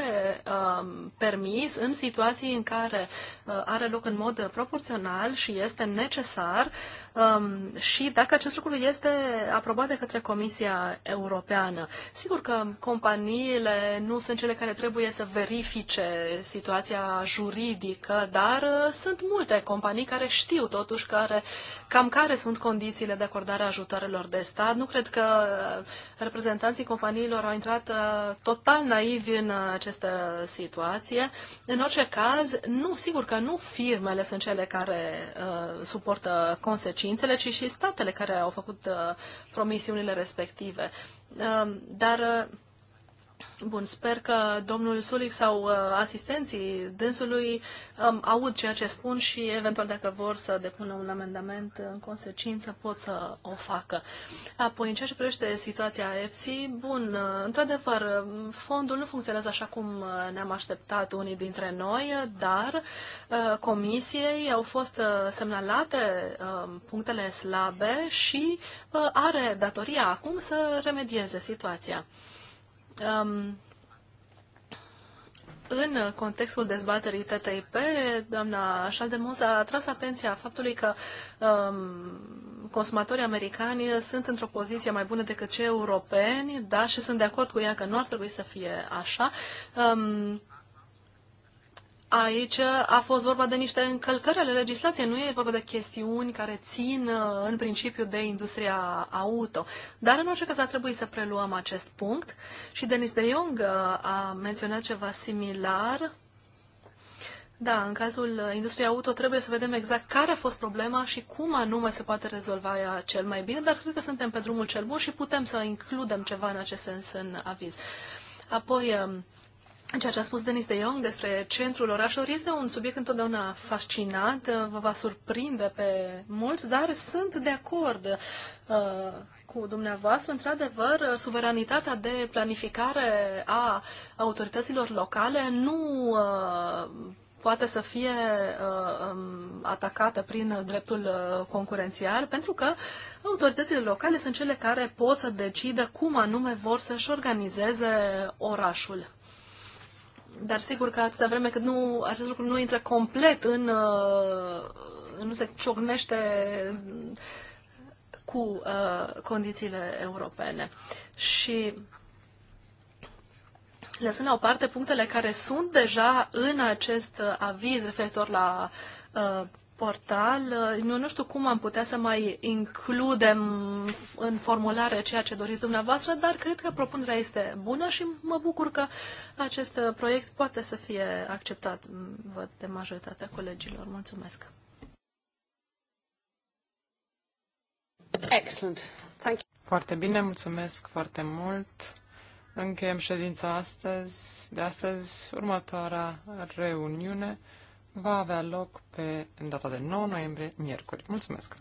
um, permis în situații în care uh, are loc în mod uh, proporțional și este necesar um, și dacă acest lucru este aprobat de către Comisia Europeană. Sigur că companiile nu sunt cele care trebuie să verifice situația juridică, dar uh, sunt multe companii care știu totuși care, cam care sunt condițiile de acordare a ajutoarelor de stat. Nu cred că uh, reprezentanții companiilor au intrat uh, total naivi în uh, această situație. În orice caz, nu, sigur că nu firmele sunt cele care uh, suportă consecințele, ci și statele care au făcut uh, promisiunile respective. Uh, dar uh, Bun, sper că domnul Sulic sau uh, asistenții dânsului um, aud ceea ce spun și eventual dacă vor să depună un amendament în consecință pot să o facă. Apoi, în ceea ce privește situația EFSI, bun, uh, într-adevăr, fondul nu funcționează așa cum uh, ne-am așteptat unii dintre noi, dar uh, comisiei au fost uh, semnalate uh, punctele slabe și uh, are datoria acum să remedieze situația. Um, în contextul dezbaterii TTIP, doamna Șaldemus a atras atenția faptului că um, consumatorii americani sunt într-o poziție mai bună decât cei europeni, da, și sunt de acord cu ea că nu ar trebui să fie așa. Um, Aici a fost vorba de niște încălcări ale legislației, nu e vorba de chestiuni care țin uh, în principiu de industria auto. Dar în orice caz ar trebui să preluăm acest punct și Denis de Jong uh, a menționat ceva similar. Da, în cazul uh, industriei auto trebuie să vedem exact care a fost problema și cum anume se poate rezolva ea cel mai bine, dar cred că suntem pe drumul cel bun și putem să includem ceva în acest sens în aviz. Apoi, um, Ceea ce a spus Denis de Jong despre centrul orașului este un subiect întotdeauna fascinant, vă va surprinde pe mulți, dar sunt de acord uh, cu dumneavoastră. Într-adevăr, suveranitatea de planificare a autorităților locale nu uh, poate să fie uh, um, atacată prin dreptul uh, concurențial, pentru că autoritățile locale sunt cele care pot să decidă cum anume vor să-și organizeze orașul dar sigur că atâta vreme cât nu, acest lucru nu intră complet în, uh, nu se ciocnește cu uh, condițiile europene. Și lăsând la o parte punctele care sunt deja în acest uh, aviz referitor la uh, portal. Eu nu știu cum am putea să mai includem în formulare ceea ce doriți dumneavoastră, dar cred că propunerea este bună și mă bucur că acest proiect poate să fie acceptat, văd, de majoritatea colegilor. Mulțumesc! Excellent. Thank you. Foarte bine, mulțumesc foarte mult. Încheiem ședința astăzi, de astăzi, următoarea reuniune va avea loc pe data de 9 noiembrie, miercuri. Mulțumesc!